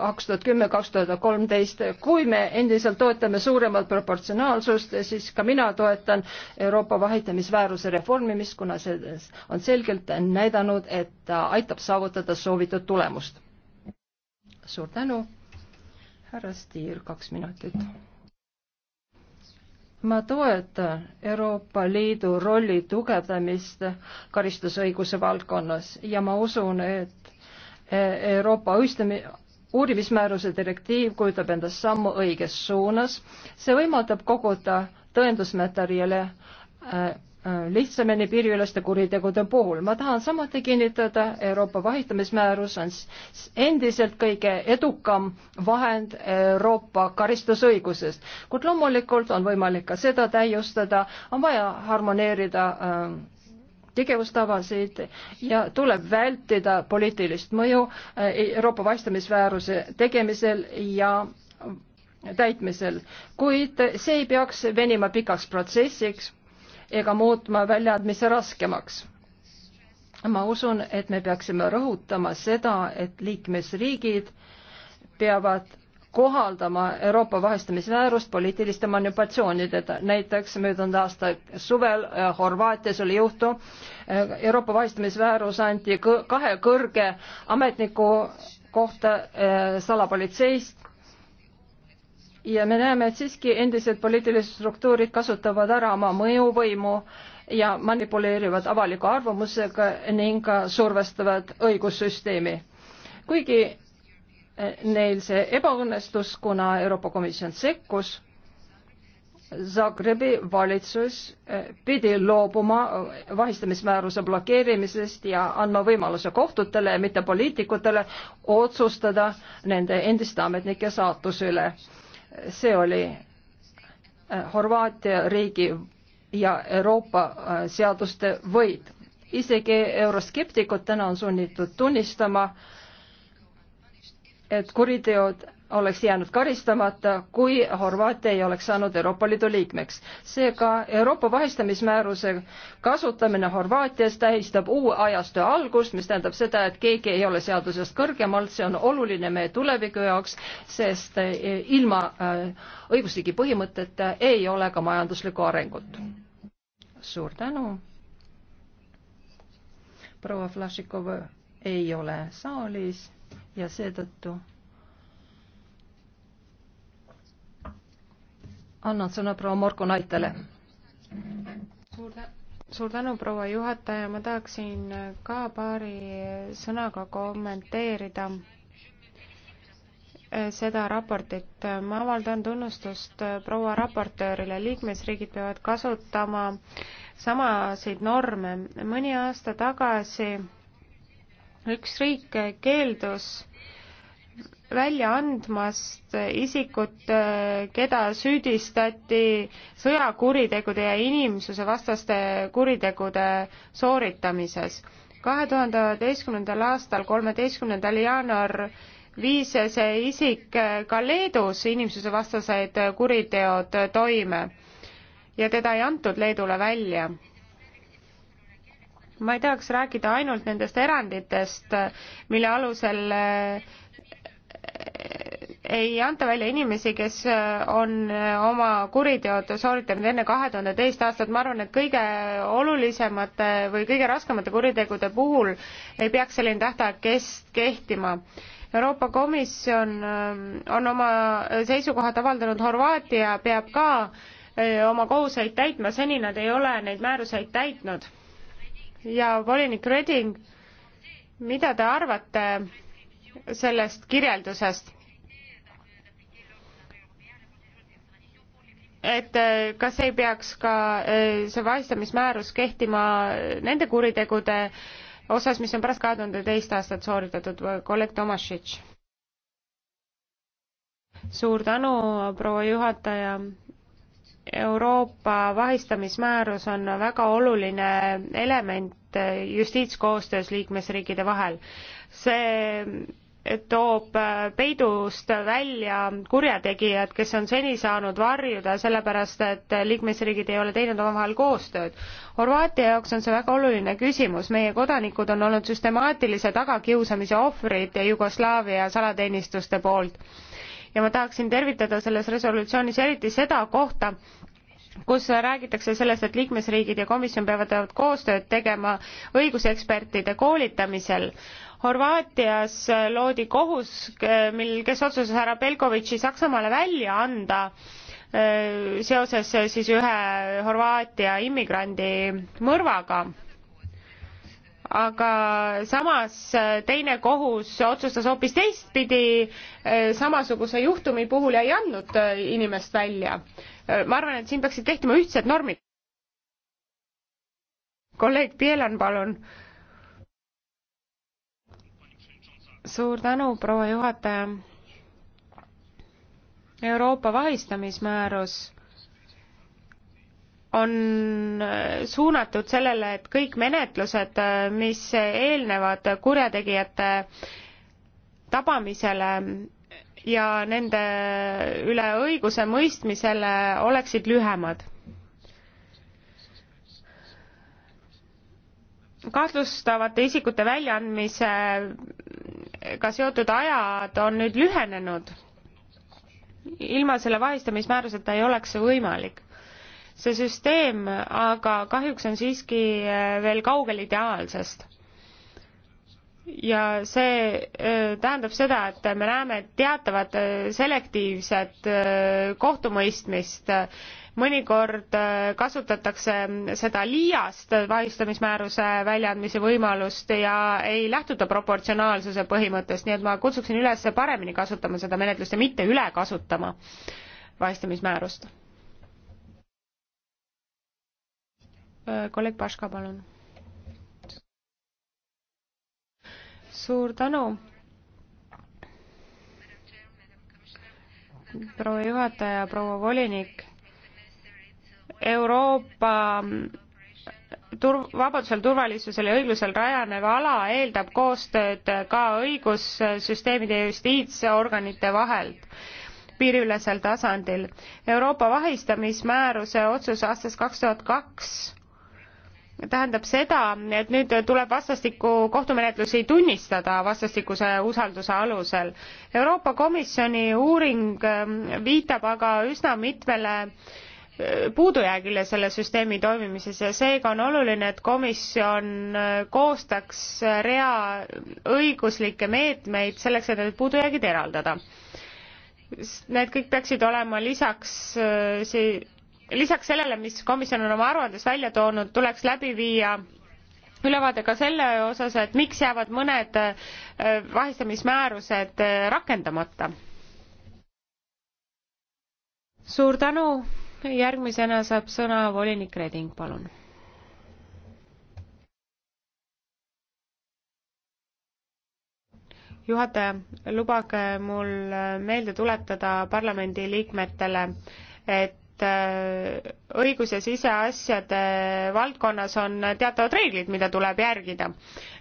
kaks tuhat kümme, kaks tuhat kolmteist. kui me endiselt toetame suuremat proportsionaalsust, siis ka mina toetan Euroopa vahitamisvääruse reformimist, kuna see on selgelt näidanud, et ta aitab saavutada soovitud tulemust. suur tänu, härra Stiir, kaks minutit ma toetan Euroopa Liidu rolli tugevdamist karistusõiguse valdkonnas ja ma usun, et eh, Euroopa õistami-, uurimismääruse direktiiv kujutab endast sammu õiges suunas, see võimaldab koguda tõendusmaterjale eh, lihtsamini piiriüleste kuritegude puhul. ma tahan samuti kinnitada, Euroopa vahistamismäärus on endiselt kõige edukam vahend Euroopa karistusõigusest, kuid loomulikult on võimalik ka seda täiustada, on vaja harmoneerida äh, tegevustavasid ja tuleb vältida poliitilist mõju äh, Euroopa vahistamismääruse tegemisel ja täitmisel, kuid see ei peaks venima pikaks protsessiks ega muutma väljaandmise raskemaks. ma usun, et me peaksime rõhutama seda, et liikmesriigid peavad kohaldama Euroopa vahestamismäärust poliitiliste manipulatsioonidega. näiteks möödunud aasta suvel äh, Horvaatias oli juhtum, äh, Euroopa vahestamismäärus anti kahe kõrge ametniku kohta äh, salapolitseist ja me näeme, et siiski endised poliitilised struktuurid kasutavad ära oma mõjuvõimu ja manipuleerivad avaliku arvamusega ning ka survestavad õigussüsteemi. kuigi eh, neil see ebaõnnestus, kuna Euroopa Komisjon sekkus, Zagrebi valitsus eh, pidi loobuma eh, vahistamismääruse blokeerimisest ja andma võimaluse kohtutele ja mitte poliitikutele otsustada nende endiste ametnike saatuse üle see oli äh, Horvaatia riigi ja Euroopa äh, seaduste võit. isegi euroskeptikud täna on sunnitud tunnistama, et kuriteod oleks jäänud karistamata, kui Horvaatia ei oleks saanud Euroopa Liidu liikmeks. seega Euroopa vahistamismääruse kasutamine Horvaatias tähistab uue ajastu algust, mis tähendab seda, et keegi ei ole seadusest kõrgemalt, see on oluline meie tuleviku jaoks, sest eh, ilma eh, õigusriigi põhimõteta ei ole ka majanduslikku arengut. suur tänu. proua Flašikov ei ole saalis ja seetõttu annan sõna proua Marko Naitele. suur tänu suur tänu, proua juhataja, ma tahaksin ka paari sõnaga kommenteerida äh, seda raportit. ma avaldan tunnustust äh, proua raportöörile, liikmesriigid peavad kasutama samasid norme. mõni aasta tagasi üks riik keeldus välja andmast isikut, keda süüdistati sõjakuritegude ja inimsusevastaste kuritegude sooritamises. kahe tuhande üheteistkümnendal aastal, kolmeteistkümnendal jaanuar viis see isik ka Leedus inimsusevastaseid kuriteod toime ja teda ei antud Leedule välja ma ei tahaks rääkida ainult nendest eranditest, mille alusel ei anta välja inimesi, kes äh, on äh, oma kuriteod sooritanud enne kahe tuhande teist aastat, ma arvan, et kõige olulisemate või kõige raskemate kuritegude puhul ei peaks selline tähtaeg kest-, kehtima Euroopa Komisjon äh, on oma seisukohad avaldanud, Horvaatia peab ka oma kohuseid täitma, seni nad ei ole neid määruseid täitnud. ja volinik Reding, mida te arvate sellest kirjeldusest? et äh, kas ei peaks ka äh, see vahistamismäärus kehtima nende kuritegude osas, mis on pärast kahe tuhande teist aastat sooritatud, kolleeg Tomašitš? suur tänu, proua juhataja. Euroopa vahistamismäärus on väga oluline element äh, justiitskoostöös liikmesriikide vahel. see toob äh, peidust välja kurjategijad, kes on seni saanud varjuda sellepärast, et liikmesriigid ei ole teinud omavahel koostööd. Horvaatia jaoks on see väga oluline küsimus, meie kodanikud on olnud süstemaatilise tagakiusamise ohvrid Jugoslaavia salateenistuste poolt. ja ma tahaksin tervitada selles resolutsioonis eriti seda kohta, kus räägitakse sellest, et liikmesriigid ja komisjon peavad koostööd tegema õigusekspertide koolitamisel. Horvaatias loodi kohus, mil, kes otsustas härra Belkovitši Saksamaale välja anda e, seoses siis ühe Horvaatia immigrandi mõrvaga. aga samas teine kohus otsustas hoopis teistpidi e, samasuguse juhtumi puhul ja ei andnud inimest välja. E, ma arvan, et siin peaksid kehtima ühtsed normid. kolleeg Pielan, palun suur tänu, proua juhataja. Euroopa vahistamismäärus on suunatud sellele, et kõik menetlused, mis eelnevad kurjategijate tabamisele ja nende üle õiguse mõistmisele, oleksid lühemad. kahtlustavate isikute väljaandmise ka seotud ajad on nüüd lühenenud. ilma selle vahistamismääruseta ei oleks see võimalik. see süsteem aga kahjuks on siiski eh, veel kaugel ideaalsest ja see eh, tähendab seda, et me näeme teatavat eh, selektiivset kohtumõistmist mõnikord äh, kasutatakse seda liiast vahistamismääruse väljaandmise võimalust ja ei lähtuta proportsionaalsuse põhimõttest, nii et ma kutsuksin üles paremini kasutama seda menetlust ja mitte üle kasutama vahistamismäärust. Äh, kolleeg Paška, palun. suur tänu proua juhataja, proua volinik. Euroopa mm, tur-, vabadusel, turvalisusel ja õiglusel rajanev ala eeldab koostööd ka õigussüsteemide ja justiitsorganite vahelt piiriülesel tasandil. Euroopa vahistamismääruse otsus aastast kaks tuhat kaks tähendab seda, et nüüd tuleb vastastikku kohtumenetlusi tunnistada vastastikuse usalduse alusel. Euroopa Komisjoni uuring mm, viitab aga üsna mitmele äh, puudujääk üle selle süsteemi toimimises ja seega on oluline, et komisjon äh, koostaks rea õiguslikke meetmeid selleks, et need puudujäägid eraldada. Need kõik peaksid olema lisaks äh, see, lisaks sellele, mis komisjon on oma aruandes välja toonud, tuleks läbi viia ülevaade ka selle osas, et miks jäävad mõned äh, vahistamismäärused rakendamata. suur tänu järgmisena saab sõna volinik Reding, palun. juhataja, lubage mul meelde tuletada parlamendiliikmetele, et äh, õigus- ja siseasjade valdkonnas on teatavad reeglid, mida tuleb järgida.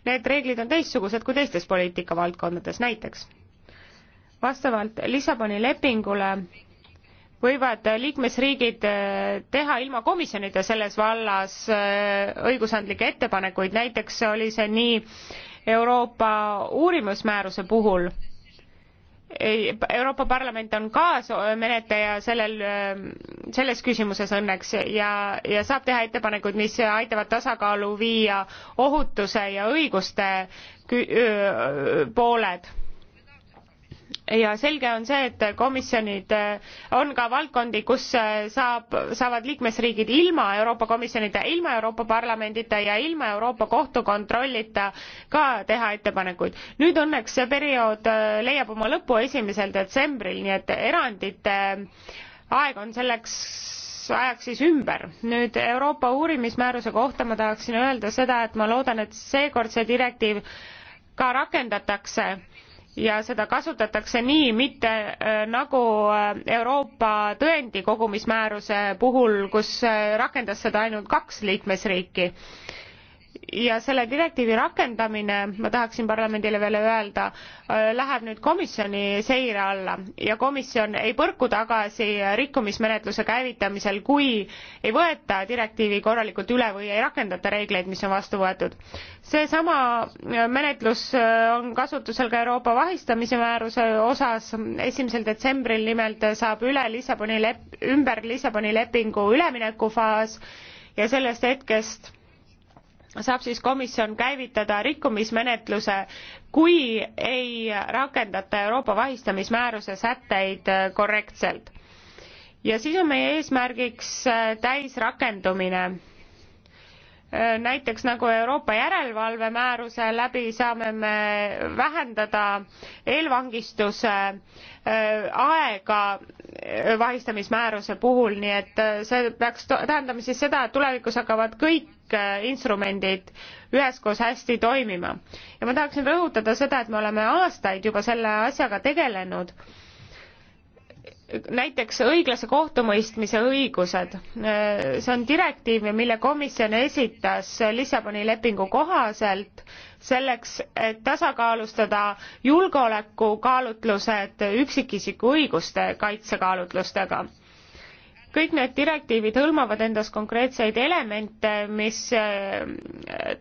Need reeglid on teistsugused kui teistes poliitikavaldkondades, näiteks vastavalt Lissaboni lepingule võivad liikmesriigid eh, teha ilma komisjonita selles vallas eh, õigusandlikke ettepanekuid, näiteks oli see nii Euroopa uurimusmääruse puhul. Euroopa Parlament on kaasmenetleja sellel, eh, selles küsimuses õnneks ja, ja saab teha ettepanekuid, mis aitavad tasakaalu viia ohutuse ja õiguste pooled ja selge on see, et komisjonid eh, on ka valdkondi, kus eh, saab, saavad liikmesriigid ilma Euroopa Komisjonita, ilma Euroopa Parlamendita ja ilma Euroopa Kohtu kontrollita ka teha ettepanekuid. nüüd õnneks see periood eh, leiab oma lõpu esimesel detsembril, nii et erandite aeg on selleks ajaks siis ümber. nüüd Euroopa uurimismääruse kohta ma tahaksin öelda seda, et ma loodan, et seekord see direktiiv ka rakendatakse ja seda kasutatakse nii, mitte äh, nagu äh, Euroopa tõendi kogumismääruse puhul, kus äh, rakendas seda ainult kaks liikmesriiki ja selle direktiivi rakendamine, ma tahaksin parlamendile veel öelda, äh, läheb nüüd komisjoni seire alla ja komisjon ei põrku tagasi rikkumismenetluse käivitamisel, kui ei võeta direktiivi korralikult üle või ei rakendata reegleid, mis on vastu võetud. seesama äh, menetlus äh, on kasutusel ka Euroopa vahistamise määruse osas, esimesel detsembril nimelt saab üle Lissaboni lep-, ümber Lissaboni lepingu üleminekufaas ja sellest hetkest saab siis komisjon käivitada rikkumismenetluse, kui ei rakendata Euroopa vahistamismääruse sätteid äh, korrektselt. ja siis on meie eesmärgiks äh, täisrakendumine Äh, näiteks nagu Euroopa järelevalvemääruse läbi saame me vähendada eelvangistuse äh, aega äh, vahistamismääruse puhul, nii et see peaks tähendama siis seda, et tulevikus hakkavad kõik instrumendid üheskoos hästi toimima. ja ma tahaksin rõhutada seda, et me oleme aastaid juba selle asjaga tegelenud näiteks õiglase kohtumõistmise õigused. see on direktiiv, mille komisjon esitas Lissaboni lepingu kohaselt selleks, et tasakaalustada julgeolekukaalutlused üksikisiku õiguste kaitsekaalutlustega. kõik need direktiivid hõlmavad endas konkreetseid elemente, mis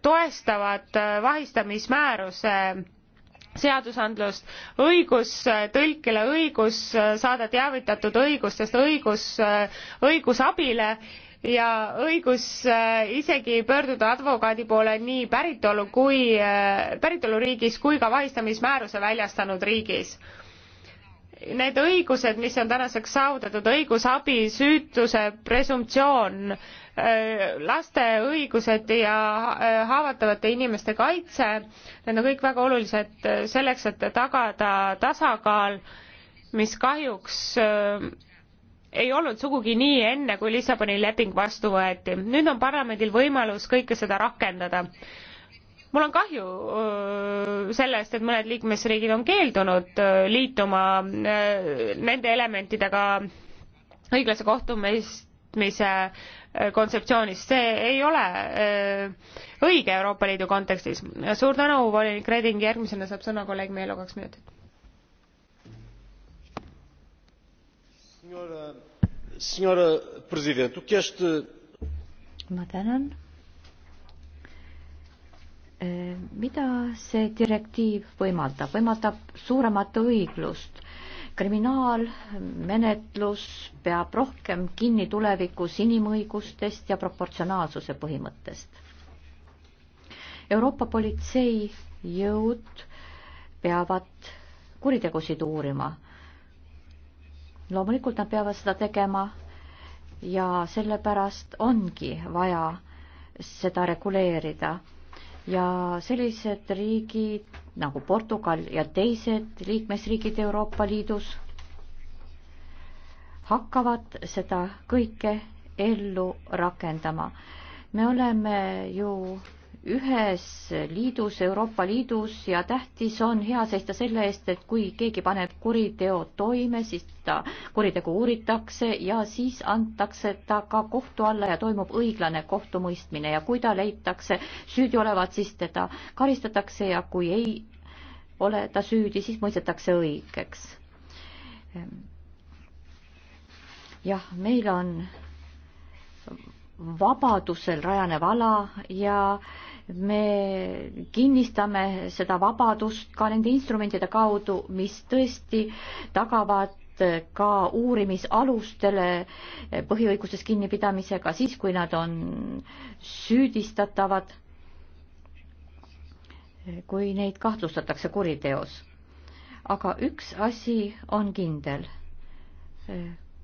toestavad vahistamismääruse seadusandlust, õigus äh, tõlkele, õigus äh, saada teavitatud õigustest, õigus äh, õigusabile ja õigus isegi pöörduda advokaadi poole nii päritolu kui, päritoluriigis kui ka vahistamismääruse väljastanud riigis need õigused, mis on tänaseks saavutatud, õigusabi, süütuse presumptsioon, äh, laste õigused ja äh, haavatavate inimeste kaitse, need on kõik väga olulised äh, selleks, et tagada tasakaal, mis kahjuks ei olnud sugugi nii enne, kui Lissaboni leping vastu võeti. nüüd on parlamendil võimalus kõike seda rakendada mul on kahju sellest, et mõned liikmesriigid on keeldunud liituma nende elementidega õiglase kohtumistmise kontseptsioonist, see ei ole õige Euroopa Liidu kontekstis. suur tänu, volinik Reding, järgmisena saab sõna kolleeg Meelo, kaks minutit. ma tänan Äh, mida see direktiiv võimaldab? võimaldab suuremat õiglust. kriminaalmenetlus peab rohkem kinni tulevikus inimõigustest ja proportsionaalsuse põhimõttest. Euroopa politseijõud peavad kuritegusid uurima. loomulikult nad peavad seda tegema ja sellepärast ongi vaja seda reguleerida ja sellised riigid nagu Portugal ja teised liikmesriigid Euroopa Liidus hakkavad seda kõike ellu rakendama. me oleme ju ühes liidus, Euroopa Liidus ja tähtis on hea seista selle eest, et kui keegi paneb kuriteo toime, siis ta, kuritegu uuritakse ja siis antakse ta ka kohtu alla ja toimub õiglane kohtumõistmine ja kui ta leitakse süüdi olevat, siis teda karistatakse ja kui ei ole ta süüdi, siis mõistetakse õigeks. jah, meil on vabadusel rajanev ala ja äh, me kinnistame seda vabadust ka nende instrumentide kaudu, mis tõesti tagavad ka uurimisalustele põhiõigustes kinnipidamisega siis, kui nad on süüdistatavad, kui neid kahtlustatakse kuriteos. aga üks asi on kindel.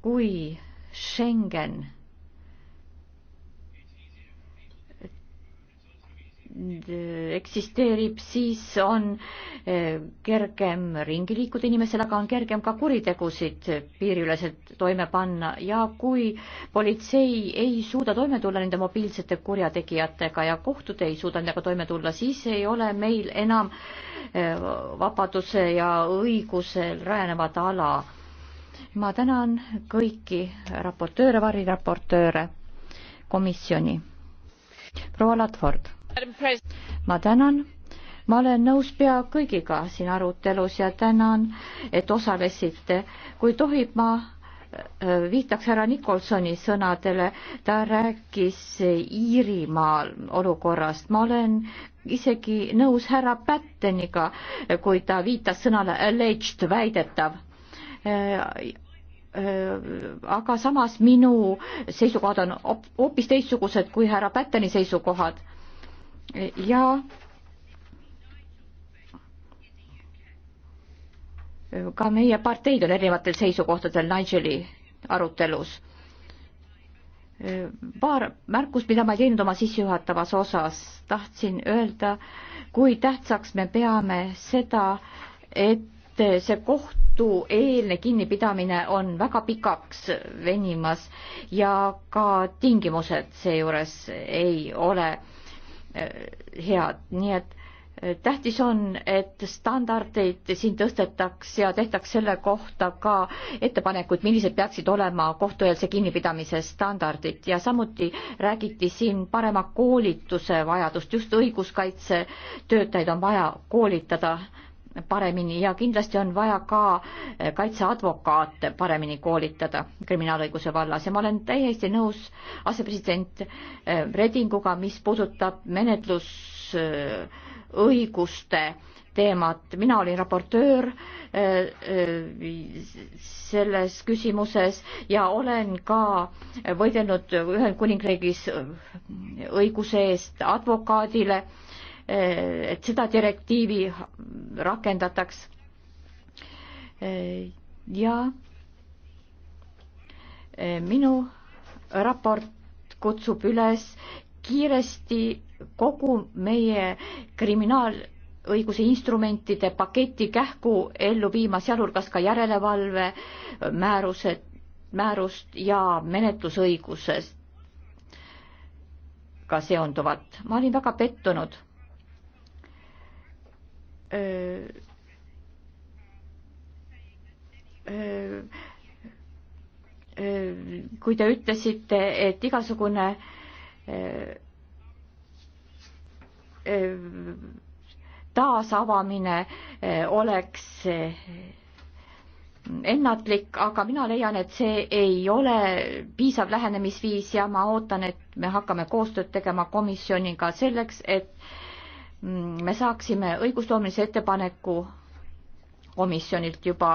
kui Schengen eksisteerib, siis on eh, kergem ringi liikuda inimesel, aga on kergem ka kuritegusid piiriüleselt toime panna ja kui politsei ei suuda toime tulla nende mobiilsete kurjategijatega ja kohtud ei suuda nendega toime tulla, siis ei ole meil enam eh, vabaduse ja õigusel rajanevat ala. ma tänan kõiki raportööre, variraportööre, komisjoni proua Ladford ma tänan. ma olen nõus pea kõigiga siin arutelus ja tänan, et osalesite. kui tohib, ma äh, viitaks härra Nikolsoni sõnadele, ta rääkis Iirimaal olukorrast, ma olen isegi nõus härra Patteniga, kui ta viitas sõnale alleged, väidetav. Äh, äh, aga samas minu seisukohad on hoopis teistsugused kui härra Patteni seisukohad ja ka meie parteid on erinevatel seisukohtadel Nigeli arutelus. paar märkust, mida ma ei teinud oma sissejuhatavas osas, tahtsin öelda, kui tähtsaks me peame seda, et see kohtueelne kinnipidamine on väga pikaks venimas ja ka tingimused seejuures ei ole Äh, head, nii et äh, tähtis on, et standardeid siin tõstetaks ja tehtaks selle kohta ka ettepanekud, millised peaksid olema kohtueelse kinnipidamise standardid ja samuti räägiti siin parema koolituse vajadust, just õiguskaitsetöötajaid on vaja koolitada paremini ja kindlasti on vaja ka eh, kaitseadvokaate paremini koolitada kriminaalõiguse vallas ja ma olen täiesti nõus asepresident eh, Redinguga, mis puudutab menetlusõiguste eh, teemat, mina olin raportöör selles küsimuses ja olen ka võidelnud Ühendkuningriigis õiguse eest advokaadile Eh, et seda direktiivi rakendataks. Eh, ja eh, minu raport kutsub üles kiiresti kogu meie kriminaalõiguse instrumentide paketi kähku ellu viima, sealhulgas ka järelevalve määrused, määrust ja menetlusõigusest ka seonduvat. ma olin väga pettunud öö, öö, kui te ütlesite, et igasugune e, taasavamine e, oleks e, ennatlik, aga mina leian, et see ei ole piisav lähenemisviis ja ma ootan, et me hakkame koostööd tegema komisjoniga selleks, et Mm, me saaksime õigusloomelise ettepaneku komisjonilt juba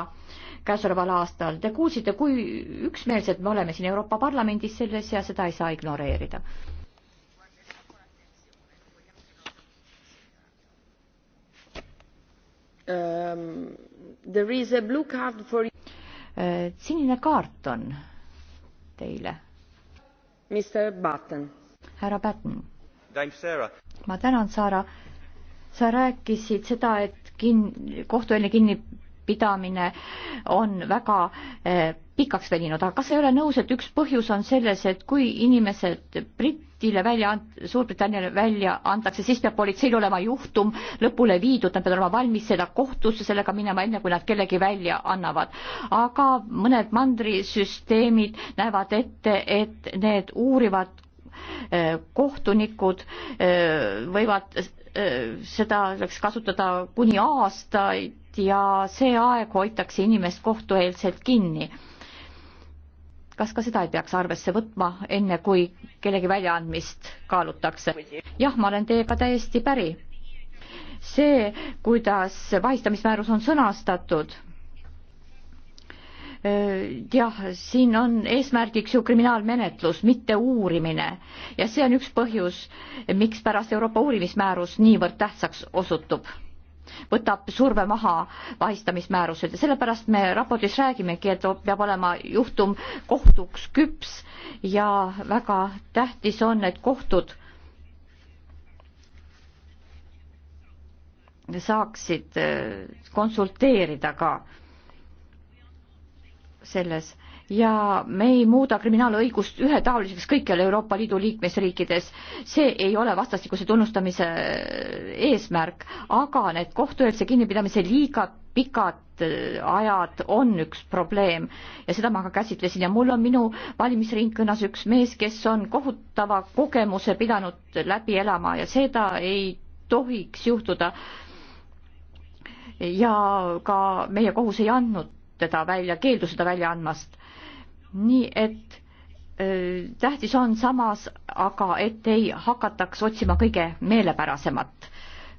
käesoleval aastal. Te kuulsite, kui üksmeelsed me oleme siin Euroopa Parlamendis selles ja seda ei saa ignoreerida. Um, there is a blue card for eh, sinine kaart on teile. Mr Batten. härra Batten. ma tänan, Sarah sa rääkisid seda, et kin-, kohtueelne kinnipidamine on väga eh, pikaks veninud, aga kas ei ole nõus, et üks põhjus on selles, et kui inimesed Britile välja ant-, Suurbritanniale välja antakse, siis peab politseil olema juhtum lõpule viidud, nad peavad olema valmis seda kohtusse sellega minema, enne kui nad kellegi välja annavad. aga mõned mandrisüsteemid näevad ette, et need uurivad eh, kohtunikud eh, võivad Äh, seda tuleks kasutada kuni aastaid ja see aeg hoitakse inimest kohtueelselt kinni. kas ka seda ei peaks arvesse võtma, enne kui kellegi väljaandmist kaalutakse? jah, ma olen teiega täiesti päri. see, kuidas vahistamismäärus on sõnastatud Äh, jah, siin on eesmärgiks ju kriminaalmenetlus, mitte uurimine ja see on üks põhjus, mikspärast Euroopa uurimismäärus niivõrd tähtsaks osutub võtab surve maha vahistamismäärused ja sellepärast me raportis räägimegi, et peab olema juhtum kohtuks küps ja väga tähtis on, et kohtud saaksid äh, konsulteerida ka selles ja me ei muuda kriminaalõigust ühetaoliseks kõikjal Euroopa Liidu liikmesriikides. see ei ole vastastikuse tunnustamise eesmärk, aga need kohtueelse kinnipidamise liiga pikad äh, ajad on üks probleem ja seda ma ka käsitlesin ja mul on minu valimisringkonnas üks mees, kes on kohutava kogemuse pidanud läbi elama ja seda ei tohiks juhtuda. ja ka meie kohus ei andnud teda välja, keeldus seda välja andmast. nii et tähtis on samas aga, et ei hakataks otsima kõige meelepärasemat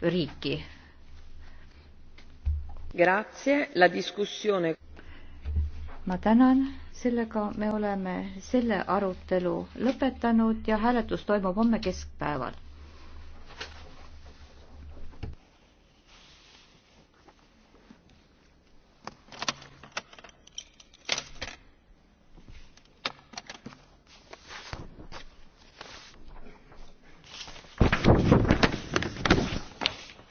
riiki. ma tänan, sellega me oleme selle arutelu lõpetanud ja hääletus toimub homme keskpäeval